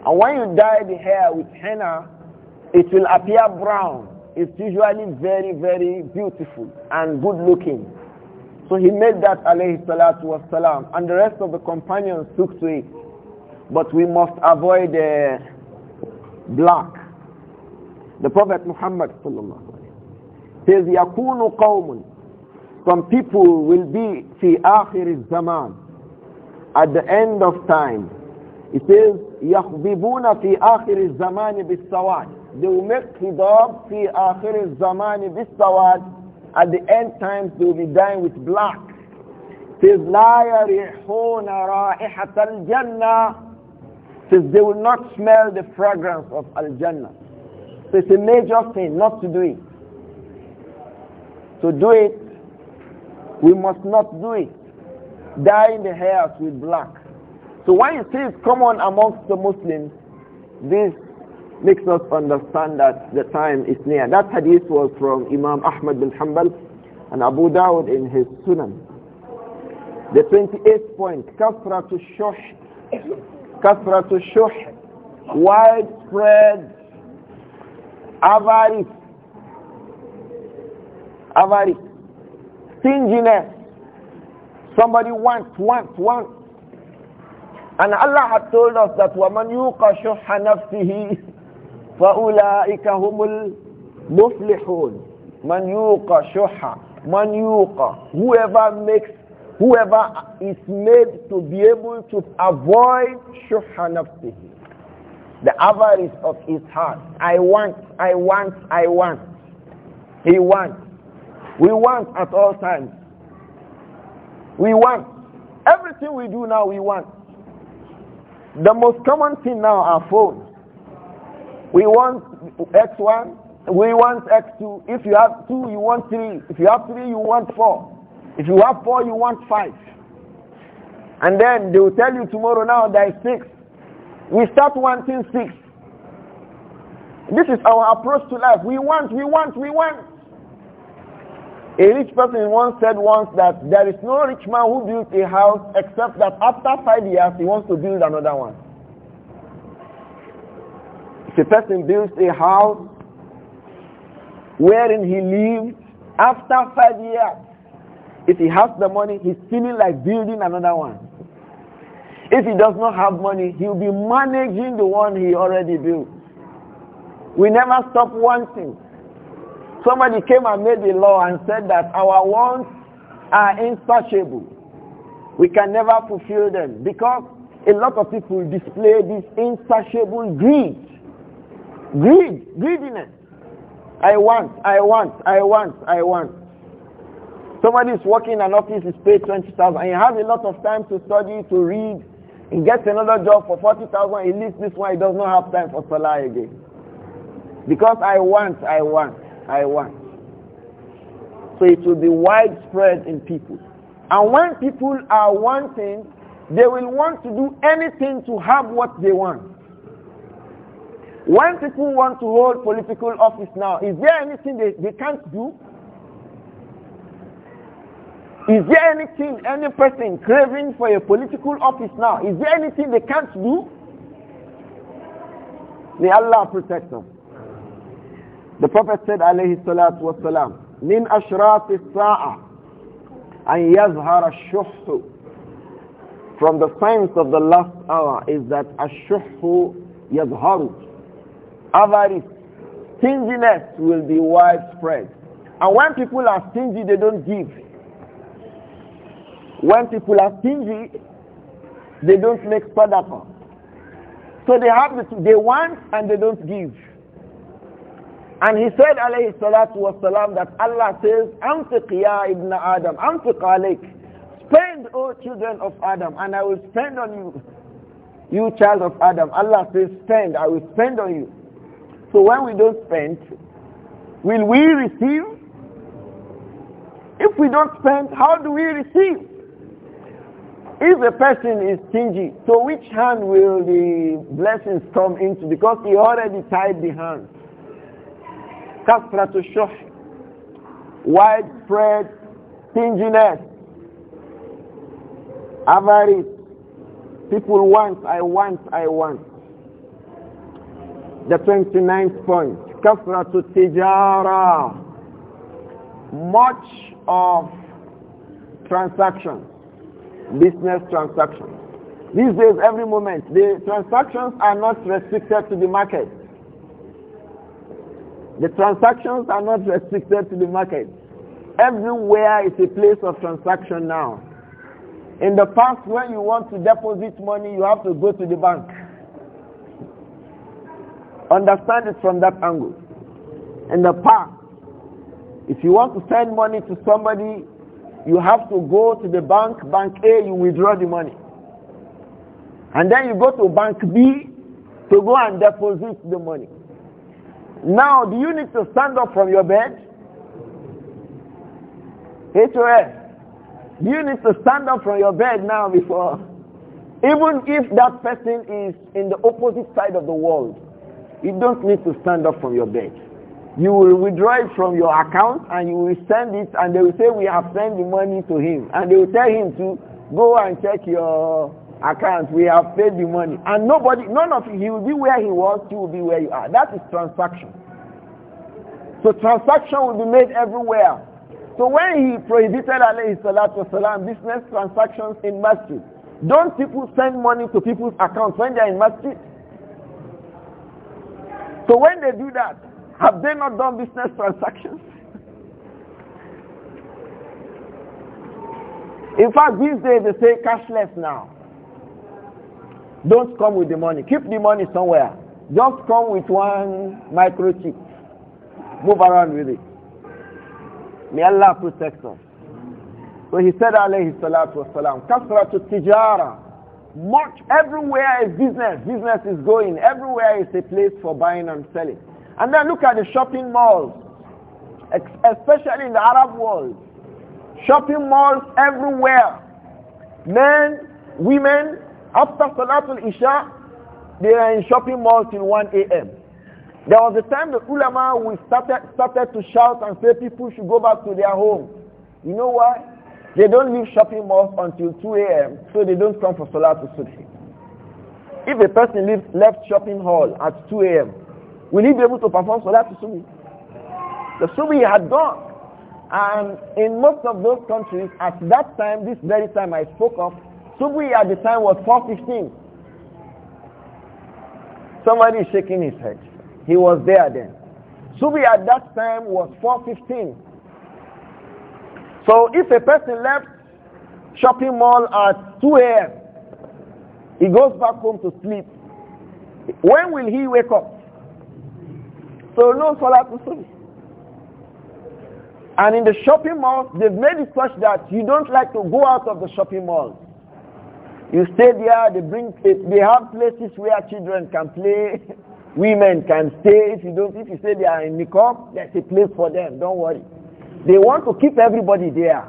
And when you dye the hair with henna, it will appear brown. It's usually very, very beautiful and good looking. So he made that alayhi salatu wasalam and the rest of the companions took to it. But we must avoid uh, black. The Prophet Muhammad says, يَكُونُ قَوْمٌ Some people will be في آخر الزمان At the end of time. It says, يَخْضِبُونَ فِي آخر الزَّمَانِ بِالسَّوَادِ They will make hijab في آخر الزَّمَانِ بِالسَّوَادِ At the end times they will be dying with black. It says, لَا يَرِحُونَ رَائِحَةَ الْجَنَّةِ says they will not smell the fragrance of Al-Jannah. So it's a major thing not to do it. To do it, we must not do it. Dyeing the hairs with black. So when it says common amongst the Muslims, this makes us understand that the time is near. That hadith was from Imam Ahmad bin Hanbal and Abu Dawud in his Sunan. The 28th point, كثرة الشح كثرة الشح وايد widespread افاريس افاريس stinginess somebody wants wants wants and Allah had told us that وَمَنْ يوقى شُحَّ نَفْسِهِ فَأُولَٰئِكَ هُمُ الْمُفْلِحُونَ من يوقى شح من يوقى whoever makes whoever is made to be able to avoid shuha nafsihi, the avarice of his heart. I want, I want, I want. He wants. We want at all times. We want. Everything we do now, we want. The most common thing now are phones. We want X1, we want X2. If you have two, you want three. If you have three, you want four. If you have four, you want five. And then they will tell you tomorrow now there is six. We start wanting six. This is our approach to life. We want, we want, we want. A rich person once said once that there is no rich man who builds a house except that after five years he wants to build another one. If a person builds a house wherein he lives after five years, if he has the money, he's feeling like building another one. If he does not have money, he'll be managing the one he already built. We never stop wanting. Somebody came and made a law and said that our wants are insatiable. We can never fulfill them because a lot of people display this insatiable greed. Greed, greediness. I want, I want, I want, I want. Somebody is working in an office, is paid 20,000, and he has a lot of time to study, to read. He gets another job for 40,000, he leaves this one, he does not have time for Salah again. Because I want, I want, I want. So it will be widespread in people. And when people are wanting, they will want to do anything to have what they want. When people want to hold political office now, is there anything they, they can't do? Is there anything, any person craving for a political office now, is there anything they can't do? May Allah protect them. The Prophet said, alayhi salatu wasalam, min ashraf sa'a an yazhar ash From the signs of the last hour is that ash-shuhhu yazharu. Avarice, stinginess will be widespread. And when people are stingy, they don't give. When people are stingy, they don't make sadaqah. So they have the two. They want and they don't give. And he said, alayhi salatu wasalam, that Allah says, Anfiq ya ibn Adam, Anfiq alayk. Spend, O children of Adam, and I will spend on you. You child of Adam, Allah says, spend, I will spend on you. So when we don't spend, will we receive? If we don't spend, how do we receive? If a person is stingy, to which hand will the blessings come into? Because he already tied the hand. to shuh. Widespread stinginess. Avarice. People want, I want, I want. The 29th point. Kafra to tijara. Much of transactions business transactions. These days, every moment, the transactions are not restricted to the market. The transactions are not restricted to the market. Everywhere is a place of transaction now. In the past, when you want to deposit money, you have to go to the bank. Understand it from that angle. In the past, if you want to send money to somebody, you have to go to the bank, bank A, you withdraw the money. And then you go to bank B to go and deposit the money. Now, do you need to stand up from your bed? HOS, do you need to stand up from your bed now before? Even if that person is in the opposite side of the world, you don't need to stand up from your bed. You will withdraw it from your account and you will send it and they will say we have sent the money to him. And they will tell him to go and check your account. We have paid the money. And nobody, none of you, he will be where he was, you will be where you are. That is transaction. So transaction will be made everywhere. So when he prohibited alayhi salatu business transactions in masjid, don't people send money to people's accounts when they are in masjid? So when they do that, have they not done business transactions? In fact, these days they say cashless now. Don't come with the money. Keep the money somewhere. Just come with one microchip. Move around with it. May Allah protect us. So he said, alayhi salatu wasalam, kasratu tijara. Much, everywhere is business. Business is going. Everywhere is a place for buying and selling. And then look at the shopping malls, especially in the Arab world. Shopping malls everywhere. Men, women, after Salatul Isha, they are in shopping malls till 1 a.m. There was a time the ulama we started, started to shout and say people should go back to their home. You know why? They don't leave shopping malls until 2 a.m. so they don't come for Salatul Subhi. If a person leaves, left shopping hall at 2 a.m., Will he be able to perform Salat Subi? The Subi had gone. And in most of those countries, at that time, this very time I spoke of, Subi at the time was 415. Somebody is shaking his head. He was there then. Subi at that time was 415. So if a person left shopping mall at 2 a.m., he goes back home to sleep. When will he wake up? So no solar to service. And in the shopping malls, they've made it such that you don't like to go out of the shopping mall. You stay there, they bring, they have places where children can play, women can stay. If you don't, if you say they are in Nikop, there's a place for them, don't worry. They want to keep everybody there.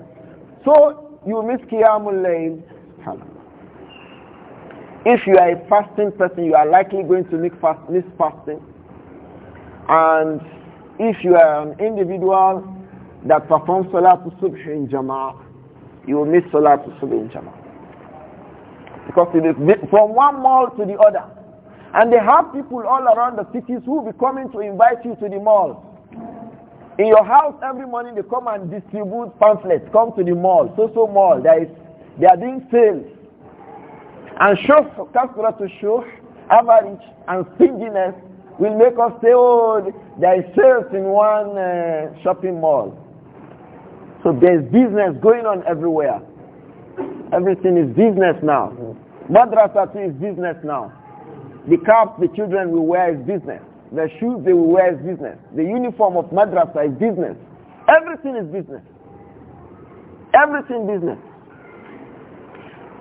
So you miss Qiyamul Lane. If you are a fasting person, you are likely going to make fast, miss fasting. And if you are an individual that performs Salatul Subh in Jama'ah, you will miss Salatul Subh in Jama'ah. Because it is from one mall to the other. And they have people all around the cities who will be coming to invite you to the mall. In your house every morning they come and distribute pamphlets. Come to the mall, so-so mall. There is, they are doing sales. And shuh, kasra to show average and stinginess will make us say, oh, there is sales in one uh, shopping mall. So there's business going on everywhere. Everything is business now. Madrasa too is business now. The cap the children will wear is business. The shoes they will wear is business. The uniform of madrasa is business. Everything is business. Everything business.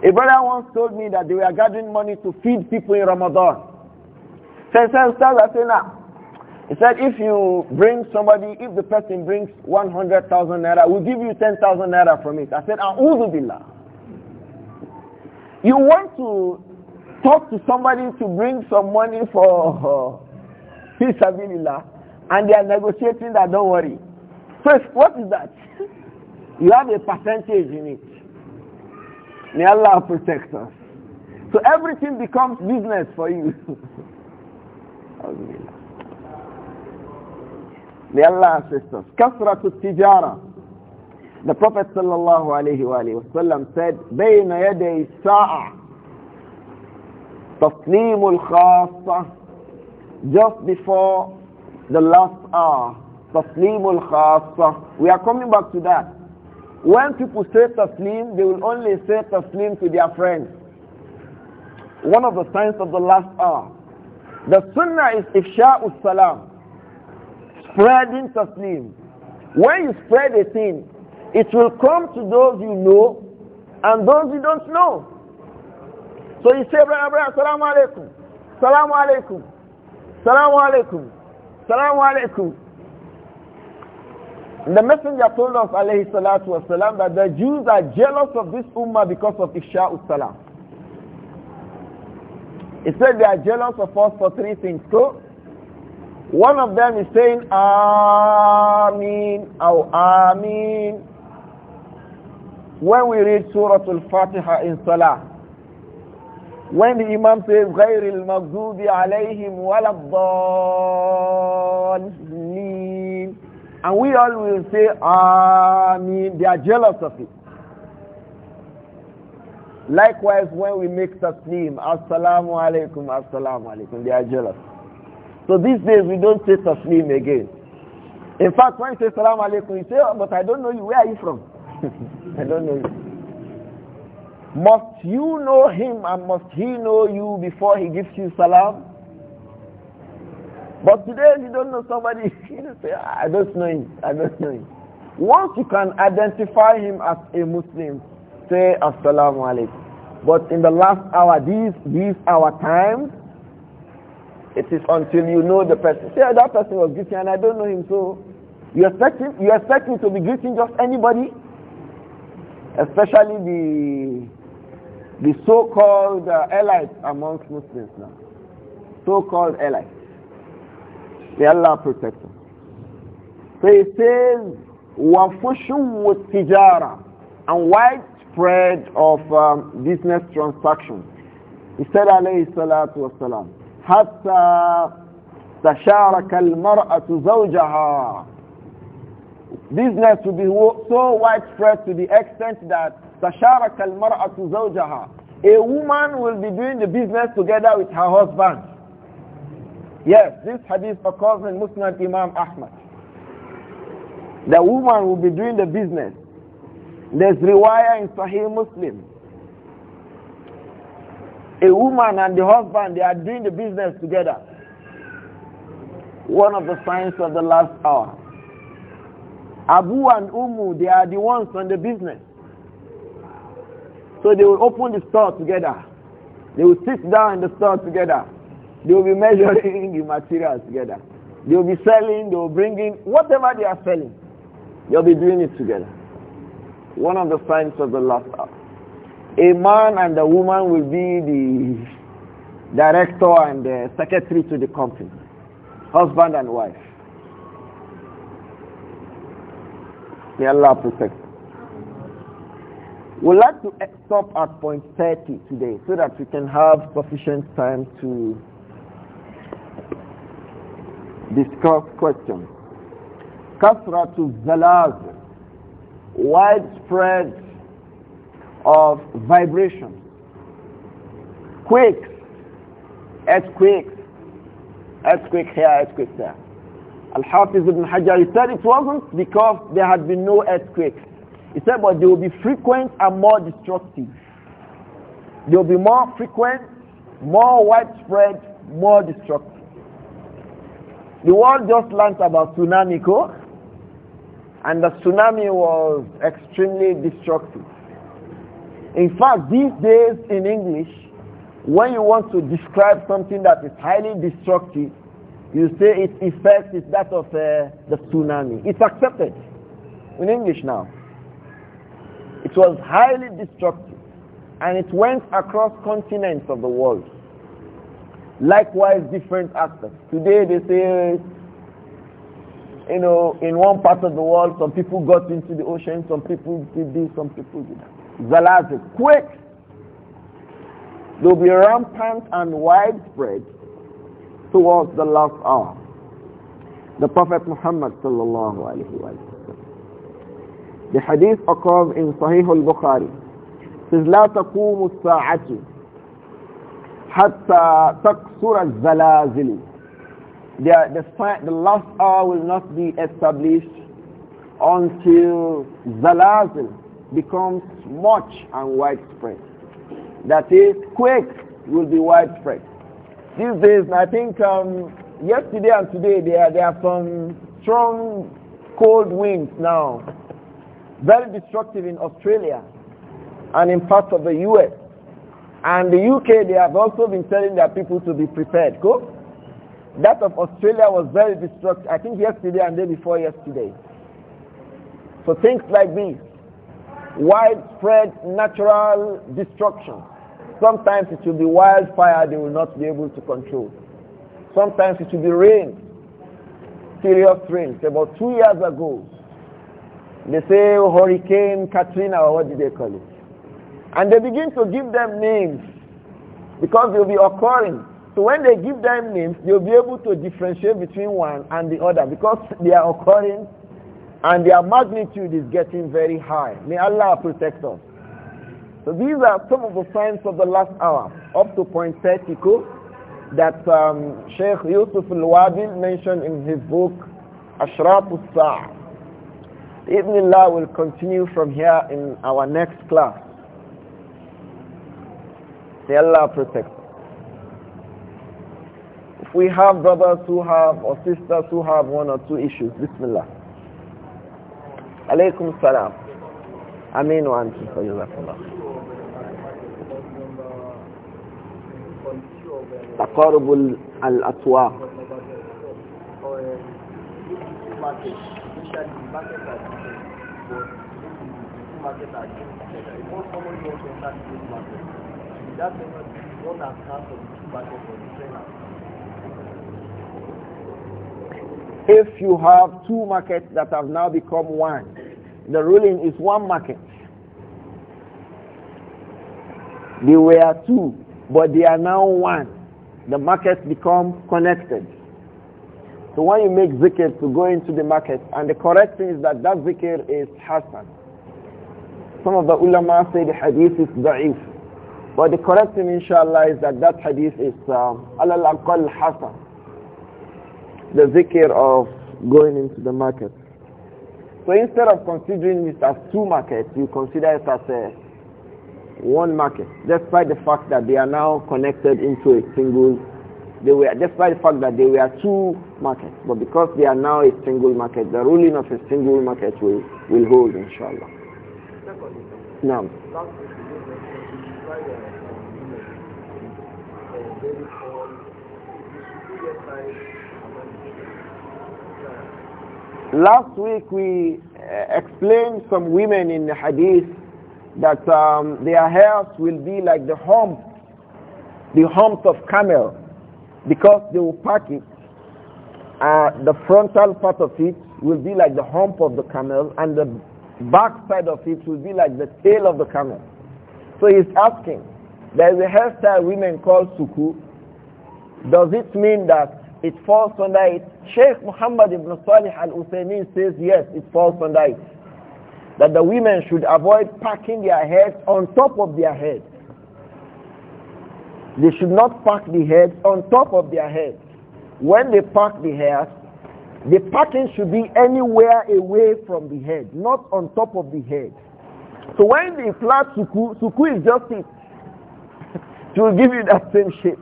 A brother once told me that they were gathering money to feed people in Ramadan. Said, said he said, if you bring somebody, if the person brings 100,000 naira, we'll give you 10,000 naira from it. I said, A'udhu Billah. You want to talk to somebody to bring some money for of uh, and they are negotiating that, don't worry. First, what is that? you have a percentage in it. May Allah protect us. So everything becomes business for you. May Allah assist us. Kasratu tijara. The Prophet sallallahu alayhi wa sallam said, Bayna يدي الساعة تسليم الخاصة just before the last hour تسليم الخاصة we are coming back to that when people say taslim they will only say taslim to their friends one of the signs of the last hour the sunnah is ifsha'us salam, spreading taslim. When you spread a thing, it will come to those you know and those you don't know. So you say, brother, brother, salamu alaikum, salamu alaikum, salamu alaikum, alaikum. The messenger told us, alayhi salatu wasalam, that the Jews are jealous of this ummah because of ifsha'us salam. It said they are jealous of us for three things. So one of them is saying "Amin, Amin." When we read Surah Al-Fatiha in Salah, when the Imam says غير المغضوب عليهم ولا الضالين, and we all will say "Amin," they are jealous of it. Likewise, when we make taslim, assalamu alaikum, assalamu alaikum, they are jealous. So these days we don't say taslim again. In fact, when you say assalamu alaikum, you say, oh, but I don't know you, where are you from? I don't know you. Must you know him and must he know you before he gives you salam? But today you don't know somebody, you say, ah, I don't know him, I don't know him. Once you can identify him as a Muslim, say Assalamu alaikum. But in the last hour, these, these our times, it is until you know the person. Say, ah, that person was greeting, and I don't know him, so you expect him, you expect me to be greeting just anybody, especially the the so-called uh, amongst Muslims now, so-called allies. The Allah protector. So he says, "Wafushu tijara," and white spread of um, business transactions. He said alayhi salatu wasalam, حَتَّى تَشَارَكَ الْمَرْأَةُ زَوْجَهَا Business will be so widespread to the extent that تَشَارَكَ الْمَرْأَةُ زَوْجَهَا A woman will be doing the business together with her husband. Yes, this hadith occurs in Muslim Imam Ahmad. The woman will be doing the business there's riwayah in Sahih Muslim. A woman and the husband, they are doing the business together. One of the signs of the last hour. Abu and Umu, they are the ones on the business. So they will open the store together. They will sit down in the store together. They will be measuring the materials together. They will be selling, they will bring in whatever they are selling. They'll be doing it together one of the signs of the last hour. A man and a woman will be the director and the secretary to the company, husband and wife. May Allah protect. We'd like to stop at point 30 today so that we can have sufficient time to discuss questions. كثرة الزلازل widespread of vibration, quakes, earthquakes, earthquake here, earthquake there. Al-Hafiz ibn Hajar, he said it wasn't because there had been no earthquakes. He said, but they will be frequent and more destructive. They will be more frequent, more widespread, more destructive. The world just learned about tsunami, and the tsunami was extremely destructive. In fact, these days in English, when you want to describe something that is highly destructive, you say its effect is that of uh, the tsunami. It's accepted in English now. It was highly destructive and it went across continents of the world. Likewise, different aspects. Today they say you know, in one part of the world, some people got into the ocean, some people did this, some people did that. Zalazil, quick! They'll be rampant and widespread towards the last hour. The Prophet Muhammad sallallahu alayhi wa The hadith occurs in Sahih al-Bukhari. says, لا تقوم الساعة حتى تكسر الزلازل the, the, the last hour will not be established until zalazil becomes much and widespread. That is, quake will be widespread. These days, I think um, yesterday and today, there, there are some strong cold winds now. Very destructive in Australia and in parts of the U.S. And the U.K., they have also been telling their people to be prepared. Go. That of Australia was very destructive, I think yesterday and day before yesterday. So things like this, widespread natural destruction. Sometimes it will be wildfire they will not be able to control. Sometimes it will be rain, serious rains. About two years ago, they say Hurricane Katrina or what did they call it? And they begin to give them names because they will be occurring so when they give them names, they'll be able to differentiate between one and the other because they are occurring and their magnitude is getting very high. May Allah protect us. So these are some of the signs of the last hour, up to point 30 that um, Sheikh Yusuf al-Wabil mentioned in his book, Ashraf al-Sa'ah. Ibn Allah will continue from here in our next class. May Allah protect us we have brothers who have or sisters who have one or two issues, Bismillah. Alaykum salam. Amin wa antum jazakumullah. تقارب الأسواق That's one If you have two markets that have now become one, the ruling is one market. They were two, but they are now one. The markets become connected. So when you make zikr to go into the market, and the correct thing is that that zikr is hasan. Some of the ulama say the hadith is da'if. But the correct thing inshallah is that that hadith is um, al-aqal hasan the zikr of going into the market. So instead of considering this as two markets, you consider it as a one market, despite the fact that they are now connected into a single, they were, despite the fact that they were two markets, but because they are now a single market, the ruling of a single market will, will hold, inshallah. Now, Last week we uh, explained some women in the hadith that um, their hair will be like the hump, the hump of camel, because they will pack it. Uh, the frontal part of it will be like the hump of the camel, and the back side of it will be like the tail of the camel. So he's asking, there is a hairstyle women call suku. Does it mean that it falls under it? Sheikh Muhammad ibn Salih al-Uthaymeen says yes, it falls on that That the women should avoid packing their heads on top of their head. They should not pack the head on top of their head. When they pack the hair, the packing should be anywhere away from the head, not on top of the head. So when they flat suku, suku is just it. it will give you that same shape.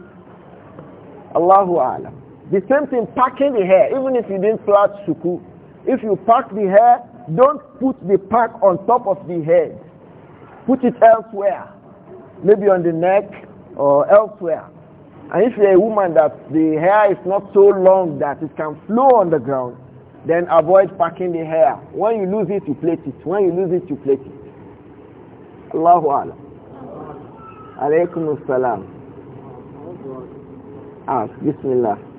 Allahu Alam. The same thing, packing the hair, even if you didn't plait shuku, if you pack the hair, don't put the pack on top of the head. Put it elsewhere, maybe on the neck or elsewhere. And if you're a woman that the hair is not so long that it can flow on the ground, then avoid packing the hair. When you lose it, you plait it. When you lose it, you plait it. Allahu Akbar. Alaykum as-salam. Ask. Ah, Bismillah.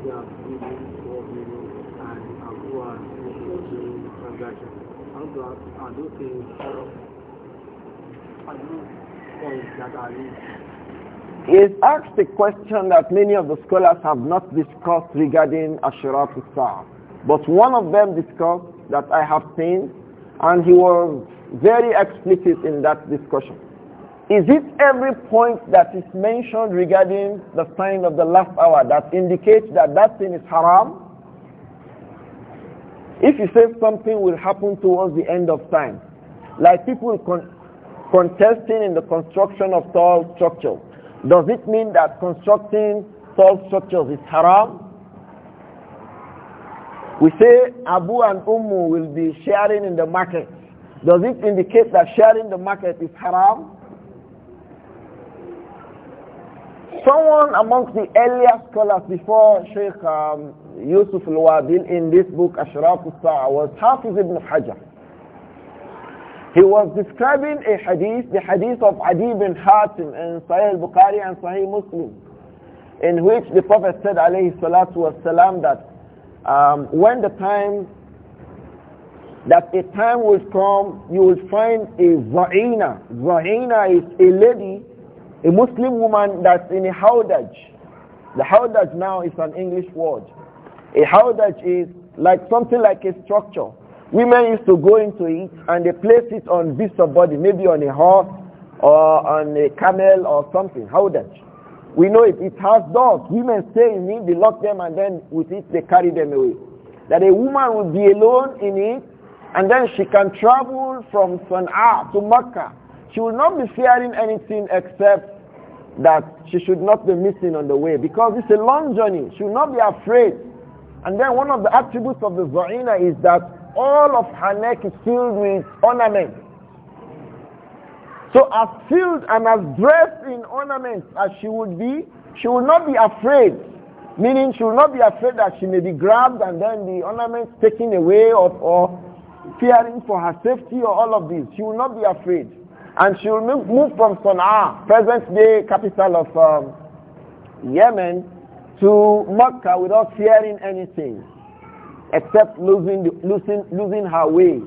Telegram, and do are are those He has asked a question that many of the scholars have not discussed regarding Ashirat Sa'ah. But one of them discussed that I have seen, and he was very explicit in that discussion. Is it every point that is mentioned regarding the sign of the last hour that indicates that that thing is haram? If you say something will happen towards the end of time, like people con contesting in the construction of tall structures, does it mean that constructing tall structures is haram? We say Abu and Ummu will be sharing in the market. Does it indicate that sharing the market is haram? Someone amongst the earlier scholars before Sheikh um, Yusuf al-Wabil in this book Ashraf al-Sa'a was Hafiz ibn Hajar. He was describing a hadith, the hadith of Adi bin Hatim in Sahih al-Bukhari and Sahih Muslim, in which the Prophet said alayhi salatu wasalam that um, when the time that a time will come, you will find a Za'ina. Za'ina is a lady a Muslim woman that's in a howdaj. The howdaj now is an English word. A howdaj is like something like a structure. Women used to go into it and they place it on bits of body, maybe on a horse or on a camel or something. Howdaj. We know it. It has doors. Women stay in it, they lock them and then with it they carry them away. That a woman would be alone in it and then she can travel from Sana'a to Makkah she will not be fearing anything except that she should not be missing on the way because it's a long journey. She will not be afraid. And then one of the attributes of the Zaina is that all of her neck is filled with ornaments. So as filled and as dressed in ornaments as she would be, she will not be afraid. Meaning she will not be afraid that she may be grabbed and then the ornaments taken away or fearing for her safety or all of this. She will not be afraid. And she will move, from Sana'a, present-day capital of um, Yemen, to Mecca without fearing anything, except losing, the, losing, losing her way.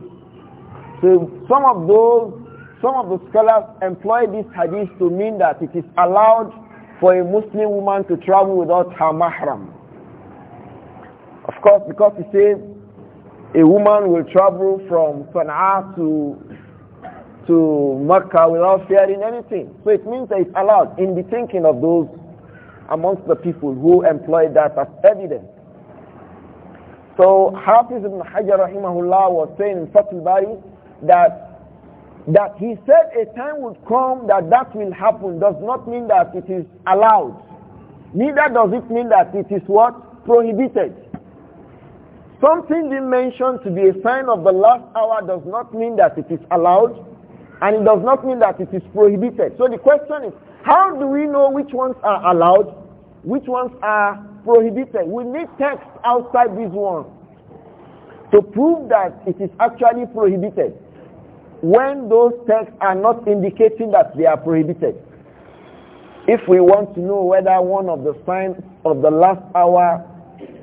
So some of those, some of the scholars employ this hadith to mean that it is allowed for a Muslim woman to travel without her mahram. Of course, because he says a woman will travel from Sana'a to to Makkah without fearing anything. So it means that it's allowed in the thinking of those amongst the people who employ that as evidence. So Hafiz ibn Hajar rahimahullah was saying in Fatul Bari that that he said a time would come that that will happen does not mean that it is allowed. Neither does it mean that it is what? Prohibited. Something being mentioned to be a sign of the last hour does not mean that it is allowed and it does not mean that it is prohibited. So the question is, how do we know which ones are allowed, which ones are prohibited? We need text outside this one to prove that it is actually prohibited when those texts are not indicating that they are prohibited. If we want to know whether one of the signs of the last hour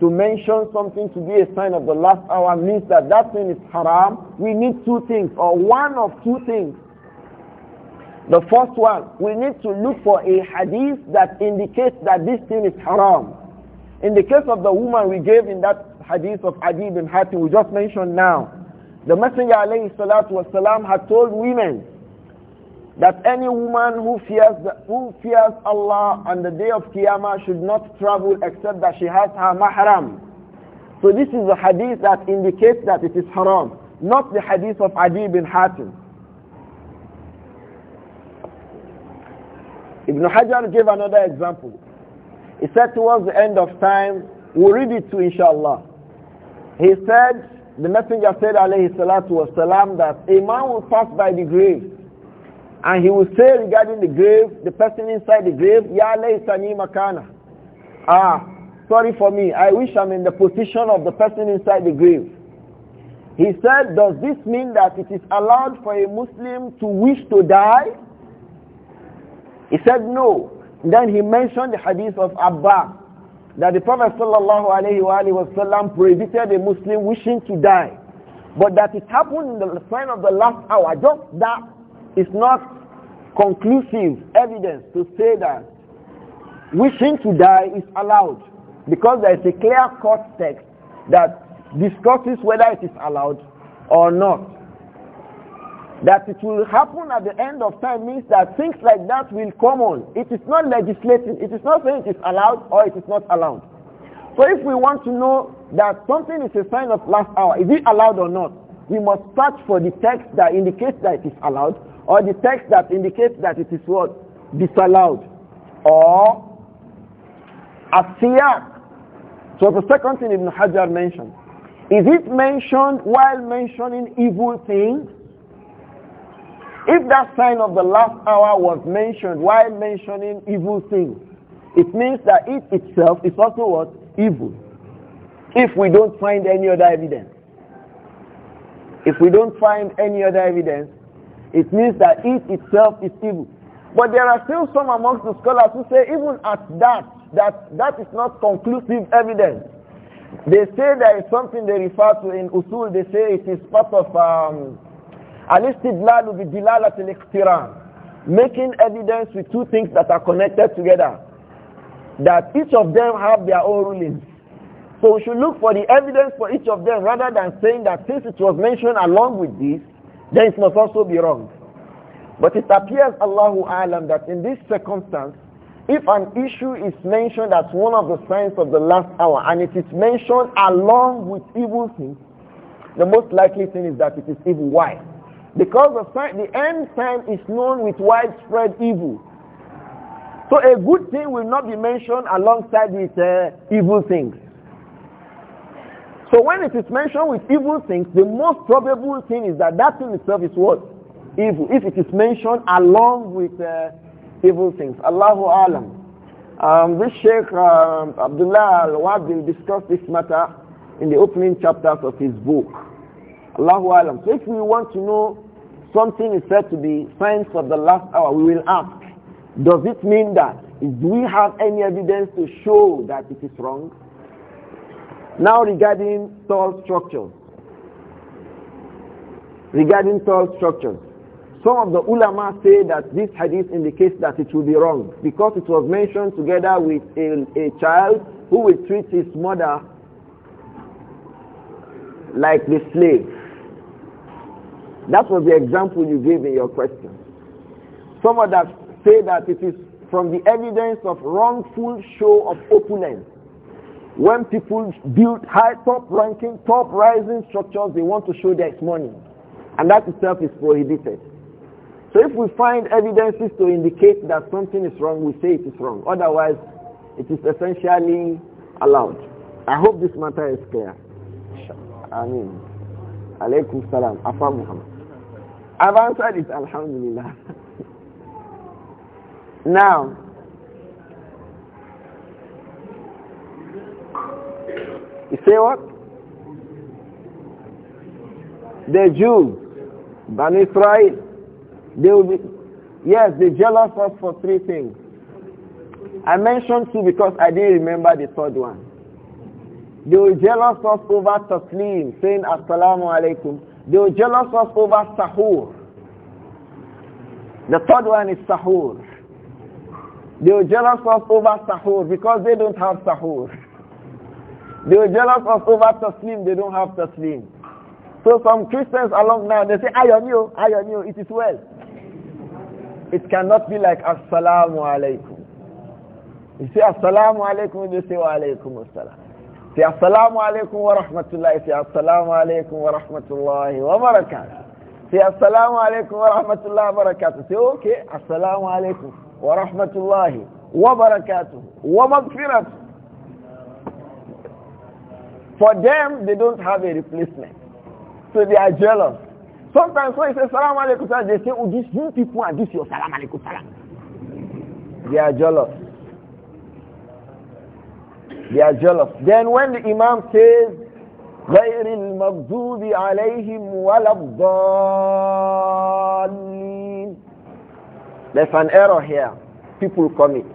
to mention something to be a sign of the last hour means that that thing is haram. We need two things or one of two things. The first one, we need to look for a hadith that indicates that this thing is haram. In the case of the woman we gave in that hadith of Adi bin Hatim we just mentioned now, the Messenger alayhi salatu salam) had told women that any woman who fears, who fears Allah on the day of Qiyamah should not travel except that she has her mahram. So this is a hadith that indicates that it is haram, not the hadith of Adi bin Hatim. Ibn Hajar gave another example. He said towards the end of time, we'll read it to inshallah. He said, the messenger said alayhi salatu wasalam that a man will pass by the grave and he will say regarding the grave, the person inside the grave, Ya laytani makana. Ah, sorry for me. I wish I'm in the position of the person inside the grave. He said, does this mean that it is allowed for a Muslim to wish to die? He said, no. Then he mentioned the hadith of Abba, that the Prophet sallam prohibited a Muslim wishing to die. But that it happened in the sign of the last hour, just that it's not conclusive evidence to say that wishing to die is allowed because there is a clear-cut text that discusses whether it is allowed or not. That it will happen at the end of time means that things like that will come on. It is not legislating. It is not saying it is allowed or it is not allowed. So if we want to know that something is a sign of last hour, is it allowed or not? We must search for the text that indicates that it is allowed or the text that indicates that it is what disallowed or asiyat so the second thing ibn hajar mentioned is it mentioned while mentioning evil things if that sign of the last hour was mentioned while mentioning evil things it means that it itself is also what evil if we don't find any other evidence if we don't find any other evidence it means that it itself is evil. But there are still some amongst the scholars who say even at that, that that is not conclusive evidence. They say there is something they refer to in usul, they say it is part of um, al-istidlal um, bi making evidence with two things that are connected together, that each of them have their own rulings. So we should look for the evidence for each of them rather than saying that since it was mentioned along with this, then it must also be wrong. But it appears, Allahu Alam, that in this circumstance, if an issue is mentioned as one of the signs of the last hour and it is mentioned along with evil things, the most likely thing is that it is evil. Why? Because the, sign, the end time is known with widespread evil. So a good thing will not be mentioned alongside with uh, evil things. So when it is mentioned with evil things, the most probable thing is that that thing itself is what? Evil. If it is mentioned along with uh, evil things. Allahu Alam. Um, this Sheikh um, Abdullah Al-Wabil discussed this matter in the opening chapters of his book. Allahu Alam. So if we want to know something is said to be signs of the last hour, we will ask, does it mean that? Do we have any evidence to show that it is wrong? Now regarding tall structures. Regarding tall structures. Some of the ulama say that this hadith indicates that it will be wrong because it was mentioned together with a, a child who will treat his mother like the slave. That was the example you gave in your question. Some of that say that it is from the evidence of wrongful show of opulence when people build high top ranking, top rising structures, they want to show their money. And that itself is prohibited. So if we find evidences to indicate that something is wrong, we say it is wrong. Otherwise, it is essentially allowed. I hope this matter is clear. Ameen. Alaykum salam. Afa Muhammad. I've answered it, alhamdulillah. now, You say what? The Jews, Ban Israel, they will be, yes, they jealous us for three things. I mentioned two because I didn't remember the third one. They will jealous us over taslim, saying assalamu alaikum. They will jealous us over sahur. The third one is sahur. They will jealous us over sahur because they don't have sahur. They were jealous of over taslim, they don't have taslim. So some Christians along now, they say, am you, am you, it is well. It cannot be like Assalamu alaikum. You say Assalamu alaikum, they say Wa alaikum assalam. Say Assalamu alaikum wa rahmatullahi, say Assalamu alaikum wa rahmatullahi wa barakatuh. Say Assalamu alaikum wa rahmatullahi wa barakatuh. Say okay, Assalamu alaikum wa rahmatullahi wa barakatuh wa maghfiratuh. For them, they don't have a replacement. So they are jealous. Sometimes when you say salam alaikum salam, they say, oh, these new people are this your salam alaikum salam. They are jealous. They are jealous. Then when the imam says, غير المغضوب عليهم ولا الضالين There's an error here. People commit.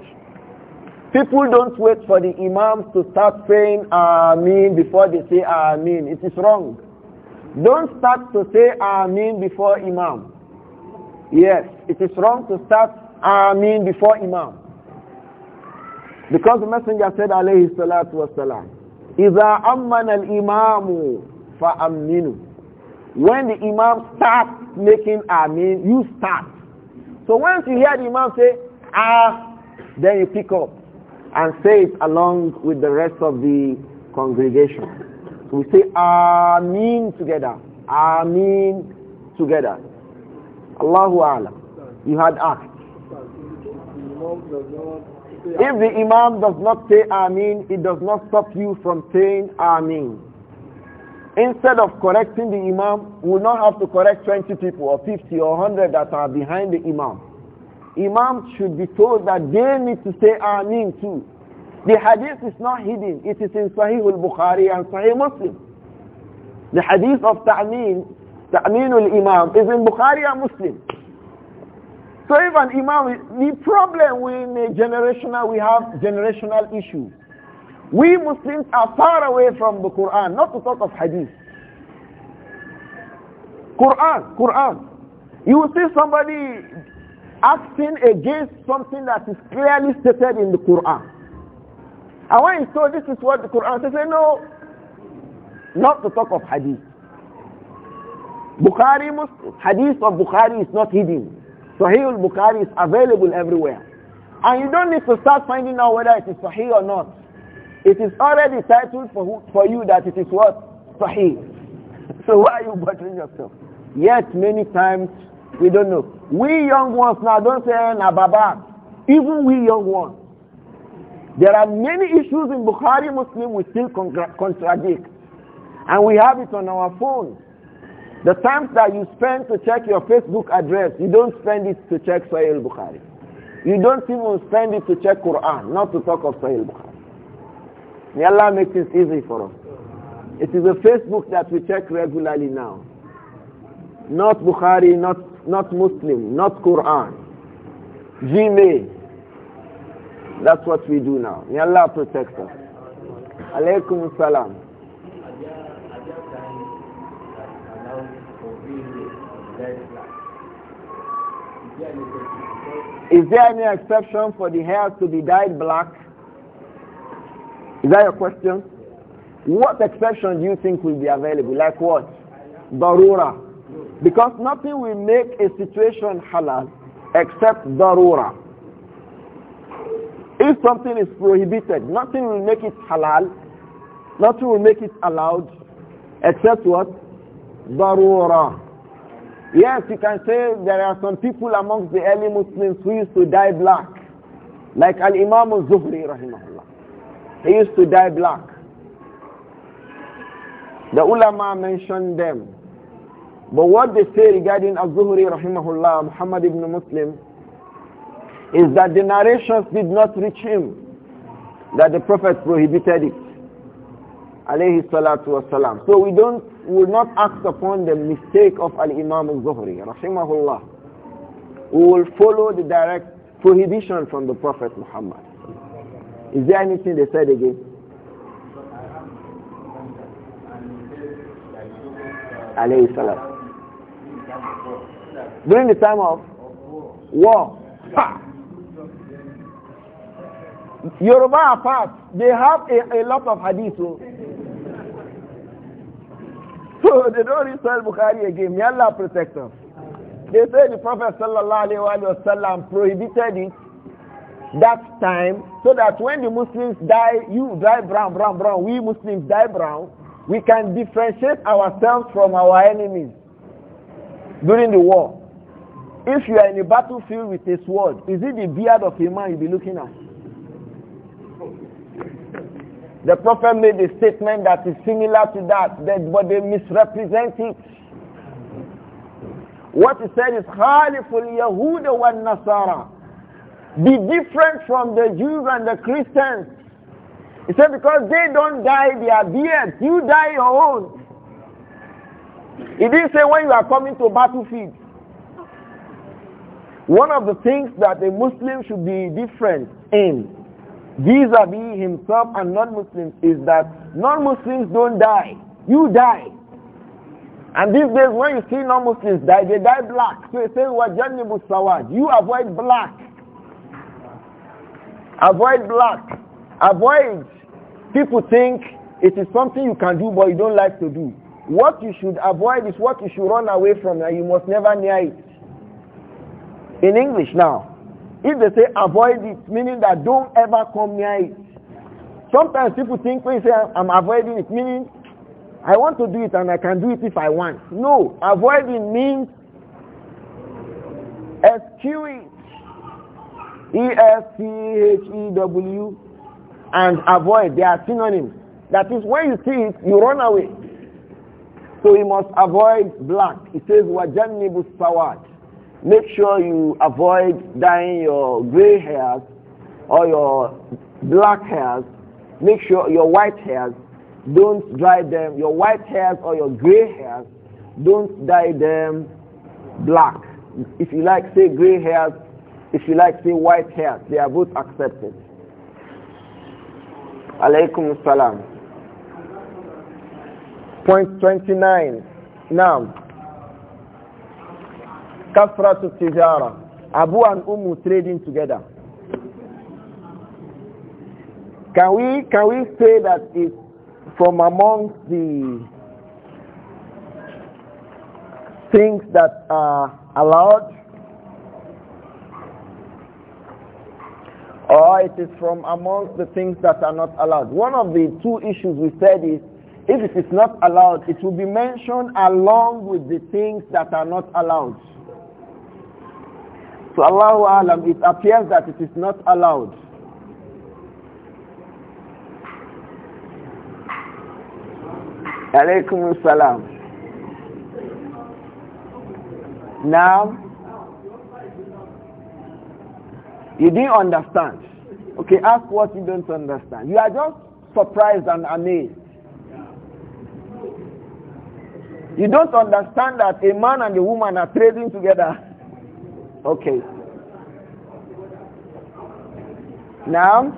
People don't wait for the imams to start saying Ameen before they say Ameen. It is wrong. Don't start to say Ameen before imam. Yes, it is wrong to start Ameen before imam. Because the messenger said alayhi salatu wasalam, إِذَا أَمَّنَ الْإِمَامُ فَأَمِّنُوا When the imam starts making Ameen, you start. So once you hear the imam say, Ah, then you pick up and say it along with the rest of the congregation. So we say Amin together. Amin together. Allahu Ala. You had asked. If the Imam does not say Amin, it does not stop you from saying Amin. Instead of correcting the Imam, we will not have to correct 20 people or 50 or 100 that are behind the Imam. Imam should be told that they need to say Ameen too. The hadith is not hidden. It is in Sahih al-Bukhari and Sahih Muslim. The hadith of Ta'min, Ta'min al-Imam is in Bukhari and Muslim. So even imam, the problem with generational, we have generational issues. We Muslims are far away from the Quran, not to talk of hadith. Quran, Quran. You will see somebody acting against something that is clearly stated in the Quran. And when he told this is what the Quran says, no, not to talk of hadith. Bukhari, Muslim, hadith of Bukhari is not hidden. Sahih al-Bukhari is available everywhere. And you don't need to start finding out whether it is Sahih or not. It is already titled for, who, for you that it is what? Sahih. So why are you bothering yourself? Yet many times we don't know. We young ones now don't say eh, na baba. Even we young ones. There are many issues in Bukhari Muslim we still contradict. And we have it on our phone. The time that you spend to check your Facebook address, you don't spend it to check Sahih Bukhari. You don't even spend it to check Quran, not to talk of Sahih Bukhari. May Allah make things easy for us. It is the Facebook that we check regularly now. Not Bukhari, not not Muslim, not Quran. Gmail. That's what we do now. May Allah protect us. Alaykum salam. Is there any exception for the hair to be dyed black? Is that your question? What exception do you think will be available? Like what? Barura. Because nothing will make a situation halal except darura. If something is prohibited, nothing will make it halal, nothing will make it allowed except what? Darura. Yes, you can say there are some people amongst the early Muslims who used to dye black, like Al-Imam al-Zuhri rahimahullah. He used to dye black. The ulama mentioned them but what they say regarding Az-Zuhri rahimahullah, Muhammad ibn Muslim, is that the narrations did not reach him, that the Prophet prohibited it. Alayhi salatu wasalam. So we don't, will not act upon the mistake of Al-Imam Al-Zuhri rahimahullah. We will follow the direct prohibition from the Prophet Muhammad. Is there anything they said again? alayhi salam. During the time of war. Ha! Yoruba apart, they have a, a lot of hadith. Oh. So. so they don't recite Bukhari again. May Allah protect us. They say the Prophet wasallam prohibited it that time so that when the Muslims die, you die brown, brown, brown, we Muslims die brown, we can differentiate ourselves from our enemies during the war. If you are in a battlefield with a sword, is it the beard of a man you'll be looking at? The prophet made a statement that is similar to that, that but they misrepresent it. What he said is, the one Nasara. Be different from the Jews and the Christians. He said, because they don't dye their beards, you dye your own. He didn't say when you are coming to battlefield. One of the things that a Muslim should be different in vis-a-vis himself and non-Muslims is that non-Muslims don't die. You die. And these days when you see non-Muslims die, they die black. So it says, وَجَنِّبُ السَّوَادِ You avoid black. Avoid black. Avoid. People think it is something you can do but you don't like to do. What you should avoid is what you should run away from and you must never near it. In English now, if they say avoid it, meaning that don't ever come near it. Sometimes people think when you say I'm avoiding it, meaning I want to do it and I can do it if I want. No, avoiding means eschew it. E-S-C-H-E-W and avoid. They are synonyms. That is when you see it, you run away. So you must avoid black. It says, وَجَنِّبُ السَّوَاتِ Make sure you avoid dyeing your gray hairs or your black hairs. Make sure your white hairs, don't dye them. Your white hairs or your gray hairs, don't dye them black. If you like, say gray hairs. If you like, say white hairs. They are both accepted. Alaykum salam. Point 29. Now, Kasratu Tijara. Abu and Umu trading together. Can we, can we say that it's from among the things that are allowed or it is from amongst the things that are not allowed. One of the two issues we said is if it is not allowed, it will be mentioned along with the things that are not allowed. So Allahu Alam, it appears that it is not allowed. Alaykum salam. Now, you didn't understand. Okay, ask what you don't understand. You are just surprised and amazed. You don't understand that a man and a woman are trading together. Okay. Now?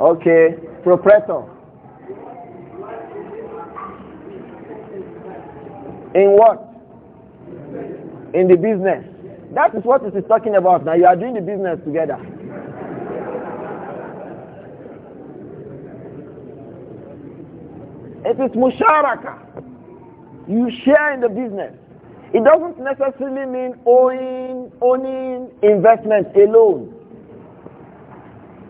Okay. Proprietor. In what? In the business. That is what it is talking about. Now you are doing the business together. It is musharaka. You share in the business. It doesn't necessarily mean owning, owning investment alone.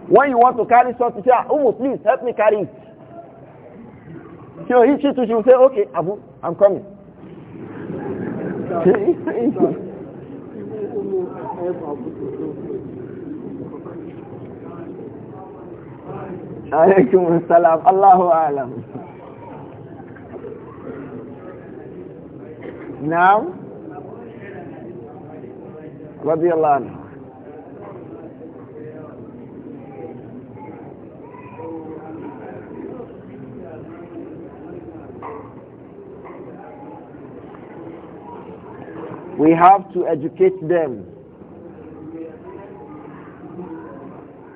When you want to carry something, say, ah, Umu, please help me carry it. So he, you, she will say, okay, Abu, I'm coming. Alaikum salam. Allahu alam. Now, رضي الله عنه We have to educate them.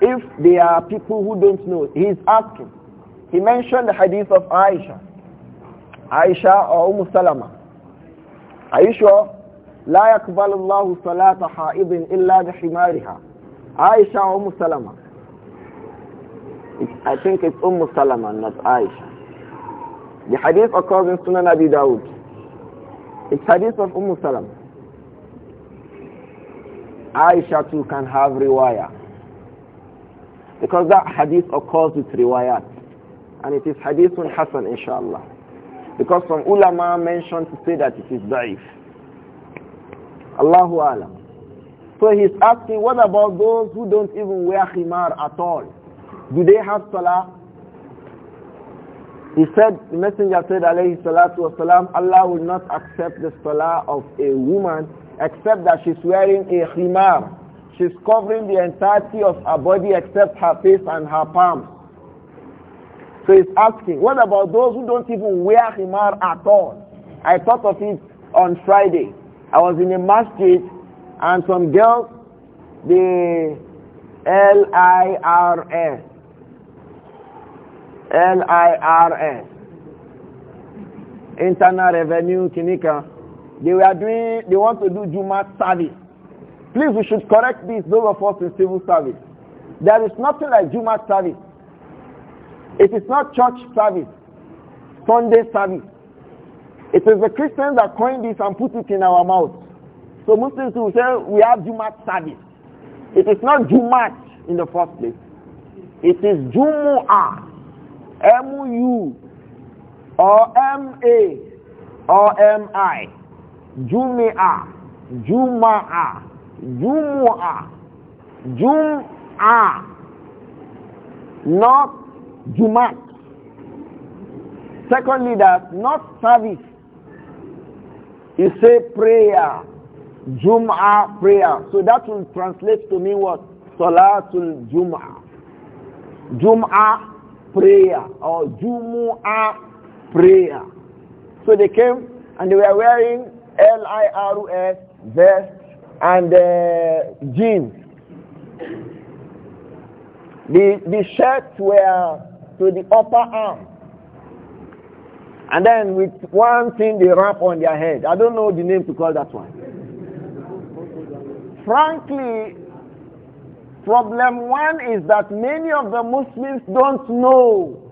If they are people who don't know, he's asking. He mentioned the hadith of Aisha. Aisha or Umm Salama. Are you sure? لا يقبل الله صلاة حائض إلا بحمارها Aisha or Umm Salama? I think it's Umm Salama, not Aisha. The hadith occurs in Sunan Abi Dawud. It's hadith of Umm Salama. Aisha too can have riwayah. Because that hadith occurs with riwayat. And it is hadithun hasan, inshallah. Because some ulama mentioned to say that it is da'if. Allahu alam. So he's asking, what about those who don't even wear khimar at all? Do they have salah? He said, the messenger said, alayhi salatu wasalam, Allah will not accept the salah of a woman except that she's wearing a khimar. She's covering the entirety of her body except her face and her palms. So he's asking, what about those who don't even wear himar at all? I thought of it on Friday. I was in a masjid and some girls, the L-I-R-S, L-I-R-S, Internal Revenue Kinika, they were doing, they want to do Juma service. Please, we should correct this, those of us in civil service. There is nothing like Juma service. It is not church service, Sunday service. It is the Christians that coined this and put it in our mouth. So Muslims will say we have Jumat service. It is not Jumat in the first place. It is Jumu'ah. M-U or M-A or M-I. Jumi'ah. Juma'ah. Jumu'ah. Jum'ah. Not Juma. Secondly, that not service. You say prayer, Jum'ah prayer. So that will translate to me what? Salatul Juma, Jum'ah prayer or Jumu'ah prayer. So they came and they were wearing L-I-R-U-S vest and uh, jeans. The, the shirts were to the upper arm. And then with one thing they wrap on their head. I don't know the name to call that one. Frankly, problem one is that many of the Muslims don't know.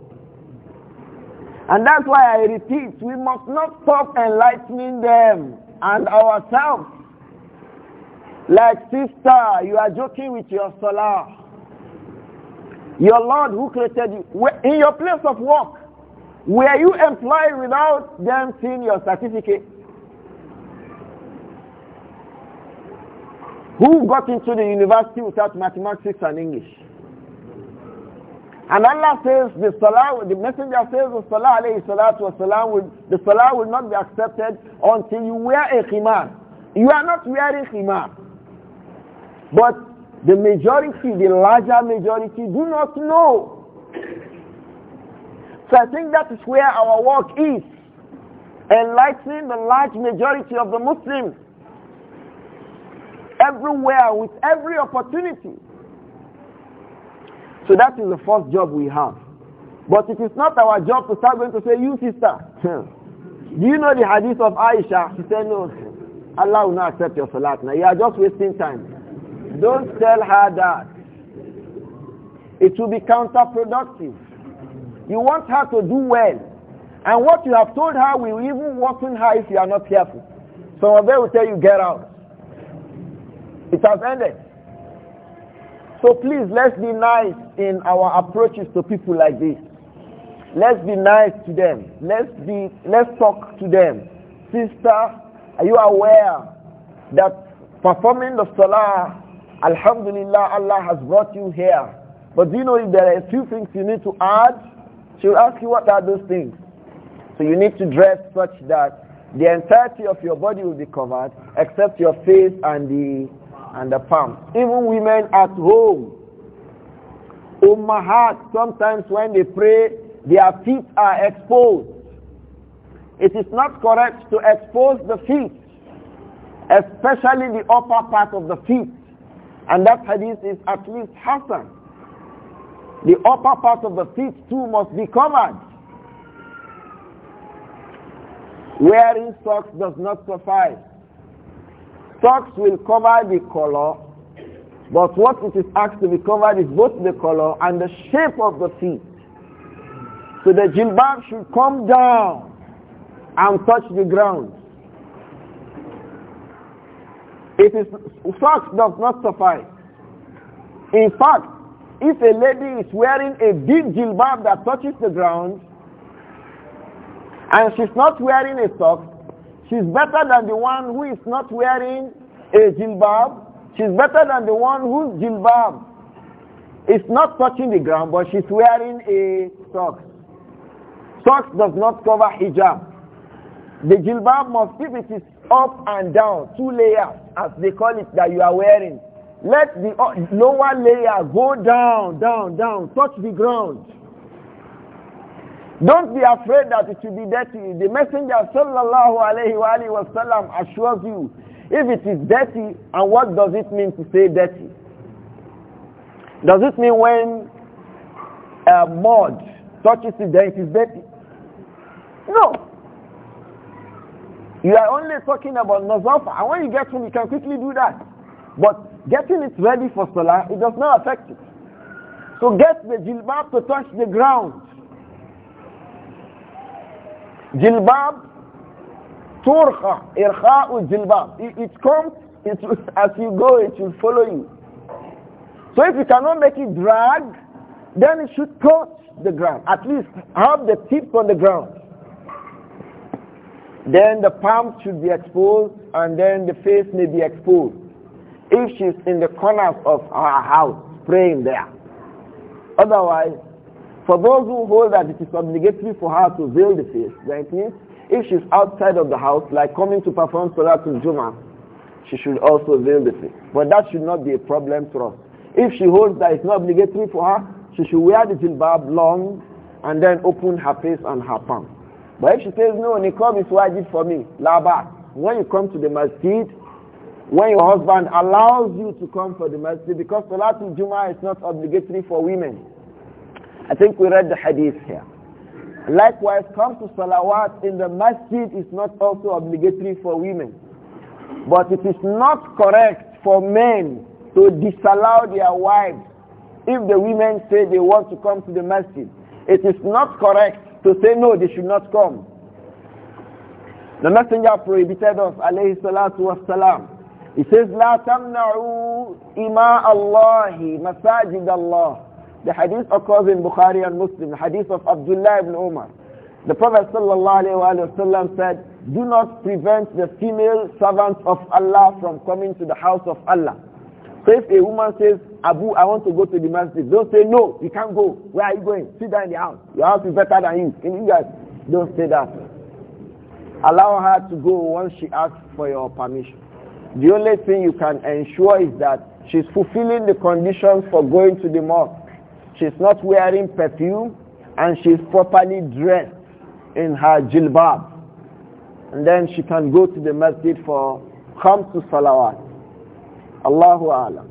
And that's why I repeat, we must not stop enlightening them and ourselves. Like sister, you are joking with your salah. Your Lord who created you, in your place of work, were you employed without them seeing your certificate? Who got into the university without mathematics and English? And Allah says the salah, the messenger says the salah alayhi salatu wasalam will, the salah will not be accepted until you wear a khimar. You are not wearing khimar. But the majority, the larger majority, do not know. So I think that is where our work is, enlightening the large majority of the Muslims everywhere with every opportunity. So that is the first job we have. But it is not our job to start going to say, you sister, do you know the hadith of Aisha? She said, no, Allah will not accept your salat. Now you are just wasting time. Don't tell her that. It will be counterproductive. You want her to do well. And what you have told her will even worsen her if you are not careful. Some of them will tell you, get out. It has ended. So please, let's be nice in our approaches to people like this. Let's be nice to them. Let's be, let's talk to them. Sister, are you aware that performing the salah Alhamdulillah, Allah has brought you here. But do you know if there are a few things you need to add? She'll ask you what are those things. So you need to dress such that the entirety of your body will be covered except your face and the and the palm. Even women at home, ummahat, sometimes when they pray, their feet are exposed. It is not correct to expose the feet, especially the upper part of the feet. And that hadith is at least Hassan. The upper part of the feet too must be covered. Wearing socks does not suffice. Socks will cover the color, but what it is asked to be covered is both the color and the shape of the feet. So the jilbab should come down and touch the ground. It is fact does not suffice. In fact, if a lady is wearing a big jilbab that touches the ground and she's not wearing a sock, she's better than the one who is not wearing a jilbab. She's better than the one whose jilbab is not touching the ground but she's wearing a sock. Socks does not cover hijab. The jilbab must, if it is up and down, two layers, as they call it, that you are wearing. Let the uh, lower layer go down, down, down, touch the ground. Don't be afraid that it will be dirty. The Messenger sallallahu alayhi wa alayhi wasallam assures you, if it is dirty, and what does it mean to say dirty? Does it mean when uh, mud touches it, then it is dirty? No. You are only talking about nazafa. And when you get home, you can quickly do that. But getting it ready for salah, it does not affect it. So get the jilbab to touch the ground. Jilbab, turqa, irkha'u jilbab. It, it comes, it, as you go, it will follow you. So if you cannot make it drag, then it should touch the ground. At least have the tip on the ground. Then the palm should be exposed and then the face may be exposed. If she's in the corners of her house, praying there. Otherwise, for those who hold that it is obligatory for her to veil the face, that means if she's outside of the house, like coming to perform Salatul Juma, she should also veil the face. But that should not be a problem for us. If she holds that it's not obligatory for her, she should wear the jilbab long and then open her face and her palm. But if she says, no, niqab is wajib for me, laba. When you come to the masjid, when your husband allows you to come for the masjid, because Salatul Jummah is not obligatory for women. I think we read the hadith here. Likewise, come to salawat in the masjid is not also obligatory for women. But it is not correct for men to disallow their wives if the women say they want to come to the masjid. It is not correct to say no, they should not come. The messenger prohibited us, alayhi salatu wasalam. He says, لا تمنعوا إماء الله مساجد الله. The hadith occurs in Bukhari and Muslim, the hadith of Abdullah ibn Umar. The Prophet ﷺ said, do not prevent the female servants of Allah from coming to the house of Allah. So if a woman says, Abu, I want to go to the masjid. Don't say, no, you can't go. Where are you going? Sit down in the house. Your house is better than you. Can you guys? Don't say that. Allow her to go once she asks for your permission. The only thing you can ensure is that she's fulfilling the conditions for going to the mosque. She's not wearing perfume and she's properly dressed in her jilbab. And then she can go to the masjid for come to salawat. Allahu Alam.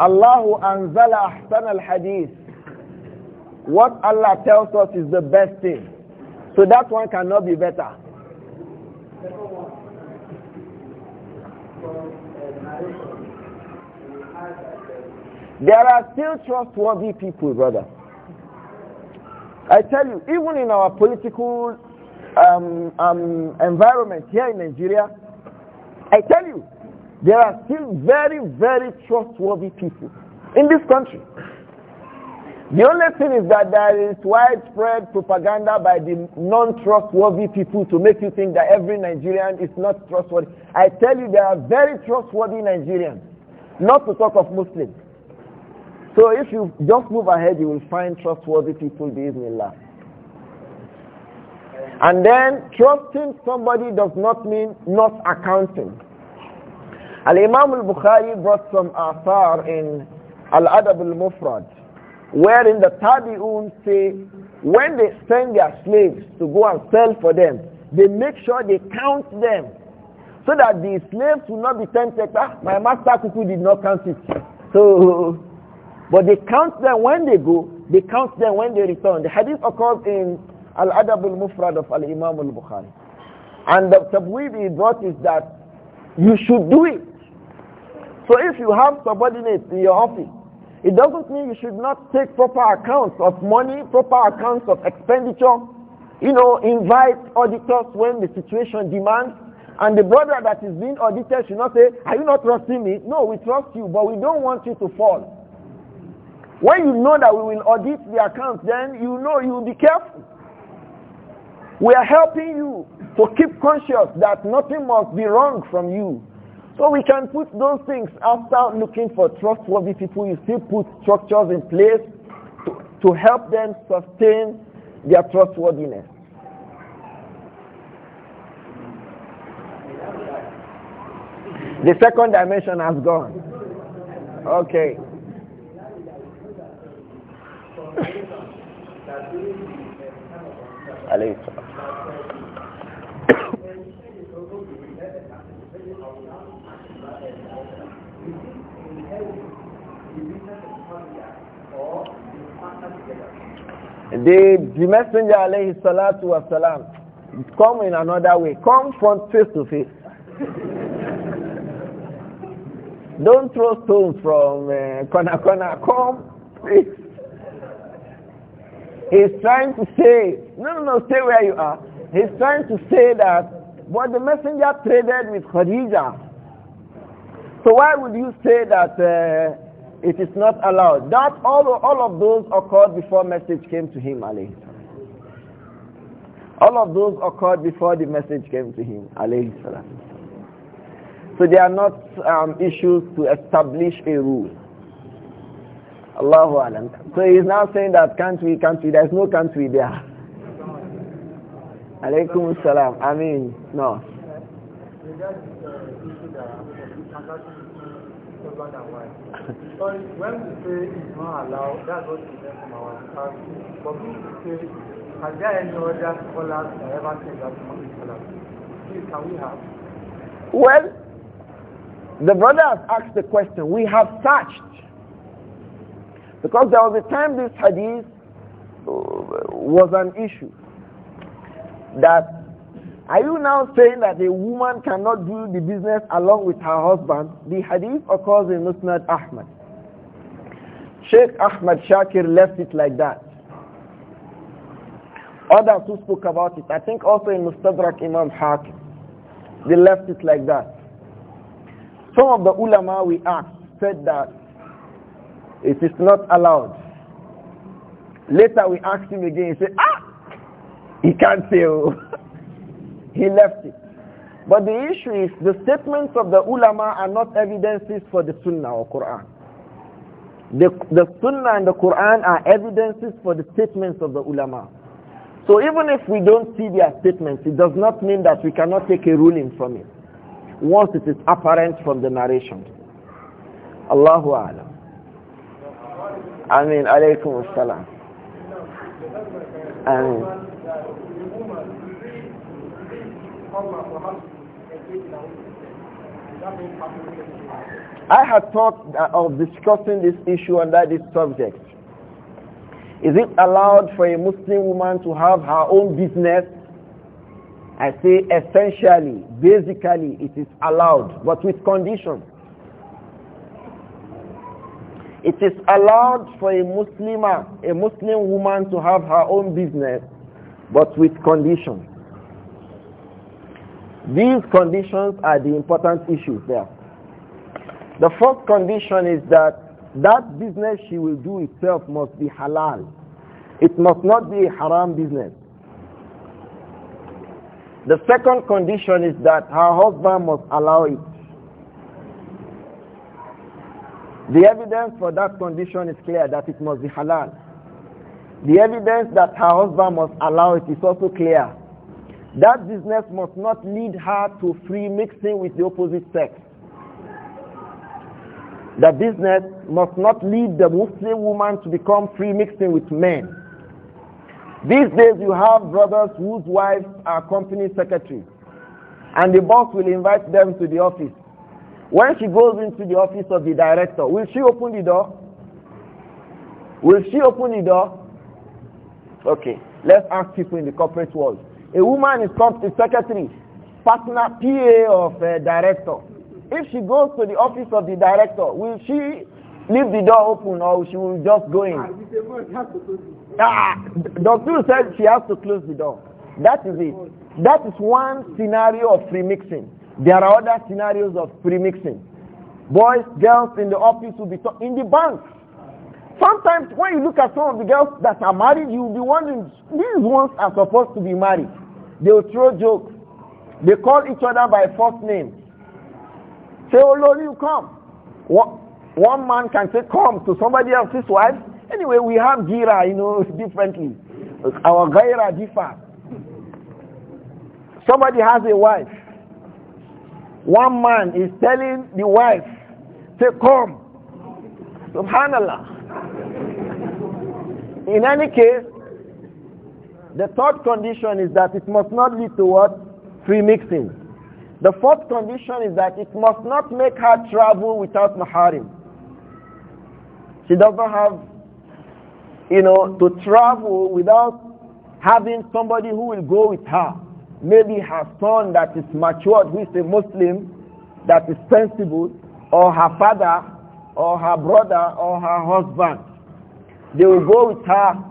Allahu anzala ahsan al-hadith. What Allah tells us is the best thing. So that one cannot be better. There are still trustworthy people, brother. I tell you, even in our political um, um, environment here in Nigeria, I tell you, there are still very, very trustworthy people in this country. The only thing is that there is widespread propaganda by the non-trustworthy people to make you think that every Nigerian is not trustworthy. I tell you, there are very trustworthy Nigerians, not to talk of Muslims. So if you just move ahead, you will find trustworthy people, bismillah. And then trusting somebody does not mean not accounting. Al-Imam al-Bukhari brought some athar in Al-Adab al-Mufrad, wherein the Tabi'un say, when they send their slaves to go and sell for them, they make sure they count them so that the slaves will not be tempted. Ah, my master Kuku did not count it. So, but they count them when they go, they count them when they return. The hadith occurs in Al-Adab al-Mufrad of Al-Imam al-Bukhari. And the tabweeb brought is that you should do it. So if you have subordinates in your office, it doesn't mean you should not take proper accounts of money, proper accounts of expenditure. You know, invite auditors when the situation demands. And the brother that is being audited should not say, are you not trusting me? No, we trust you, but we don't want you to fall. When you know that we will audit the accounts, then you know you will be careful. We are helping you to keep conscious that nothing must be wrong from you. So we can put those things after looking for trustworthy people. You still put structures in place to, to help them sustain their trustworthiness. The second dimension has gone. Okay. The, the messenger alayhi salatu was salam come in another way come front face to face don't throw stones from uh, corner corner come please he's trying to say no no no stay where you are he's trying to say that what the messenger traded with Khadija so why would you say that uh, it is not allowed. That all all of those occurred before message came to him, alayhi. All of those occurred before the message came to him, alayhi salam. So they are not um, issues to establish a rule. Allahu alam. So he's now saying that country, country, there's no country there. Alaykum salam. I mean, no. Regarding the issue that husband and wife, when we say what we from our say, there any other scholars that can we have? Well, the brother has asked the question. We have touched Because there was a time this hadith uh, was an issue that are you now saying that a woman cannot do the business along with her husband? The hadith occurs in Musnad Ahmad. Sheikh Ahmad Shakir left it like that. Others who spoke about it, I think also in Mustadrak Imam Hakim, they left it like that. Some of the ulama we asked said that it is not allowed. Later we asked him again, he said, ah, he can't say. Oh. He left it. But the issue is the statements of the ulama are not evidences for the sunnah or Quran. The, the sunnah and the Quran are evidences for the statements of the ulama. So even if we don't see their statements, it does not mean that we cannot take a ruling from it once it is apparent from the narration. Allahu A'lam. Ameen. Alaykum as-salam. Ameen. I had thought of discussing this issue under this subject. Is it allowed for a Muslim woman to have her own business? I say essentially, basically, it is allowed, but with conditions. It is allowed for a Muslimah, a Muslim woman to have her own business, but with conditions. These conditions are the important issues there. The first condition is that that business she will do itself must be halal. It must not be a haram business. The second condition is that her husband must allow it. The evidence for that condition is clear that it must be halal. The evidence that her husband must allow it is also clear that business must not lead her to free mixing with the opposite sex. The business must not lead the Muslim woman to become free mixing with men. These days you have brothers whose wives are company secretaries and the boss will invite them to the office. When she goes into the office of the director, will she open the door? Will she open the door? Okay, let's ask people in the corporate world. A woman is called the secretary, partner, PA of a uh, director. If she goes to the office of the director, will she leave the door open or she will just go in? Ah, Dr. Ah, said she has to close the door. That is it. That is one scenario of premixing. There are other scenarios of premixing. Boys, girls in the office will be in the bank. Sometimes when you look at some of the girls that are married, you'll be wondering, these ones are supposed to be married. They will throw jokes. They call each other by first names. Say, oh Lord, you come. One man can say come to somebody else's wife. Anyway, we have gira, you know, differently. Our Gira different. Somebody has a wife. One man is telling the wife, say come. Subhanallah. In any case, the third condition is that it must not lead to what? Free mixing. The fourth condition is that it must not make her travel without maharim. She doesn't have, you know, to travel without having somebody who will go with her. Maybe her son that is matured, who is a Muslim, that is sensible, or her father, or her brother, or her husband. They will go with her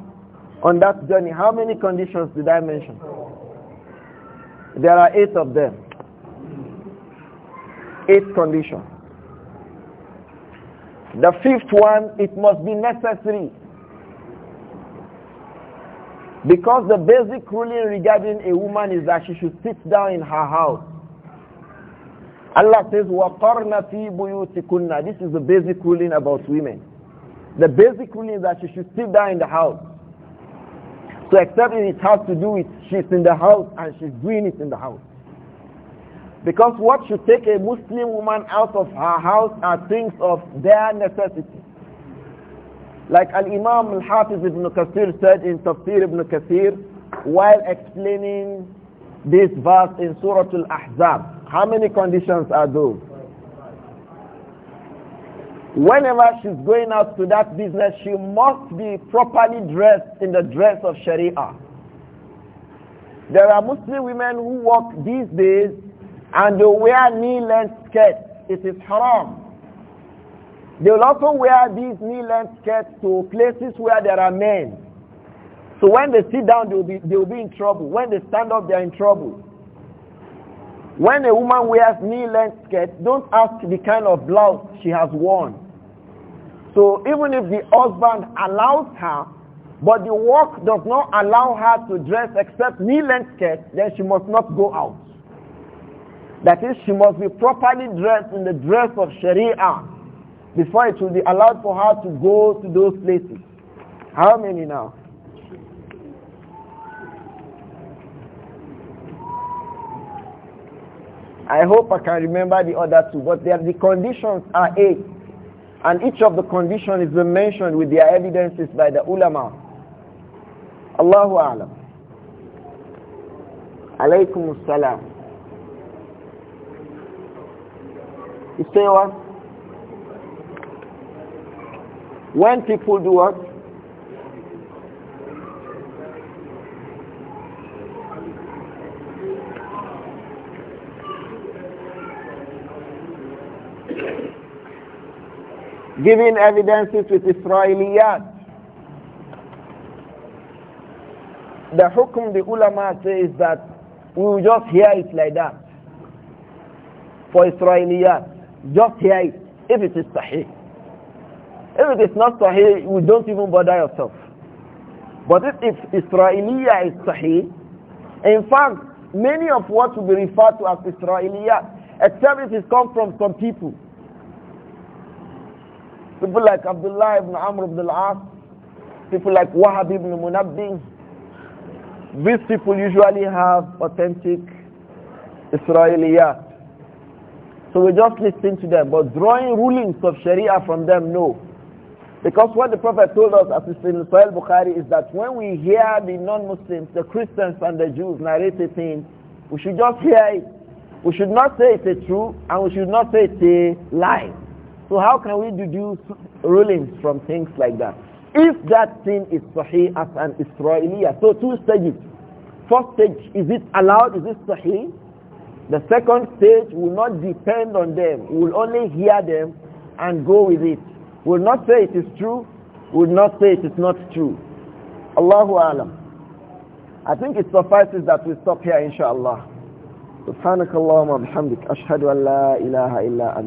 on that journey, how many conditions did I mention? There are eight of them. Eight conditions. The fifth one, it must be necessary. Because the basic ruling regarding a woman is that she should sit down in her house. Allah says, وَقَرْنَ فِي بُيُوتِكُنَّ This is the basic ruling about women. The basic ruling is that she should sit down in the house. To except if it has to do with she's in the house and she's doing it in the house. Because what should take a Muslim woman out of her house are things of their necessity. Like Al-Imam Al-Hafiz ibn Kathir said in Tafsir ibn Kathir while explaining this verse in Surah Al-Ahzab. How many conditions are those? Whenever she's going out to that business, she must be properly dressed in the dress of Sharia. There are Muslim women who work these days and they wear knee-length skirts. It is haram. They will also wear these knee-length skirts to places where there are men. So when they sit down, they will, be, they will be in trouble. When they stand up, they are in trouble. When a woman wears knee-length skirt, don't ask the kind of blouse she has worn. So even if the husband allows her, but the work does not allow her to dress except knee-length skirt, then she must not go out. That is, she must be properly dressed in the dress of Sharia before it will be allowed for her to go to those places. How many now? I hope I can remember the other two, but the conditions are eight. And each of the conditions is mentioned with their evidences by the ulama. Allahu Alam. Alaykum as salaam You say what? When people do what? giving evidences with Israeliyat. The hukum the ulama says that we will just hear it like that. For Israeliyat, just hear it if it is sahih. If it is not sahih, we don't even bother yourself. But if, if is sahih, in fact, many of what will be referred to as Israeliyah, except it is come from some people, People like Abdullah ibn Amr ibn al-As, people like Wahab ibn Munabbi, these people usually have authentic Israeliyat. So we just listen to them. But drawing rulings of Sharia from them, no. Because what the Prophet told us, as it's in Sahih Bukhari, is that when we hear the non-Muslims, the Christians and the Jews narrate a thing, we should just hear it. We should not say it's a true, and we should not say it's a lie. So how can we deduce rulings from things like that? If that thing is sahih as an Israeliyah, so two stages. First stage, is it allowed? Is it sahih? The second stage will not depend on them. We'll only hear them and go with it. We'll not say it is true. We'll not say it is not true. Allahu Alam. I think it suffices that we stop here inshallah. سبحانك اللهم وبحمدك أشهد أن لا إله إلا أنت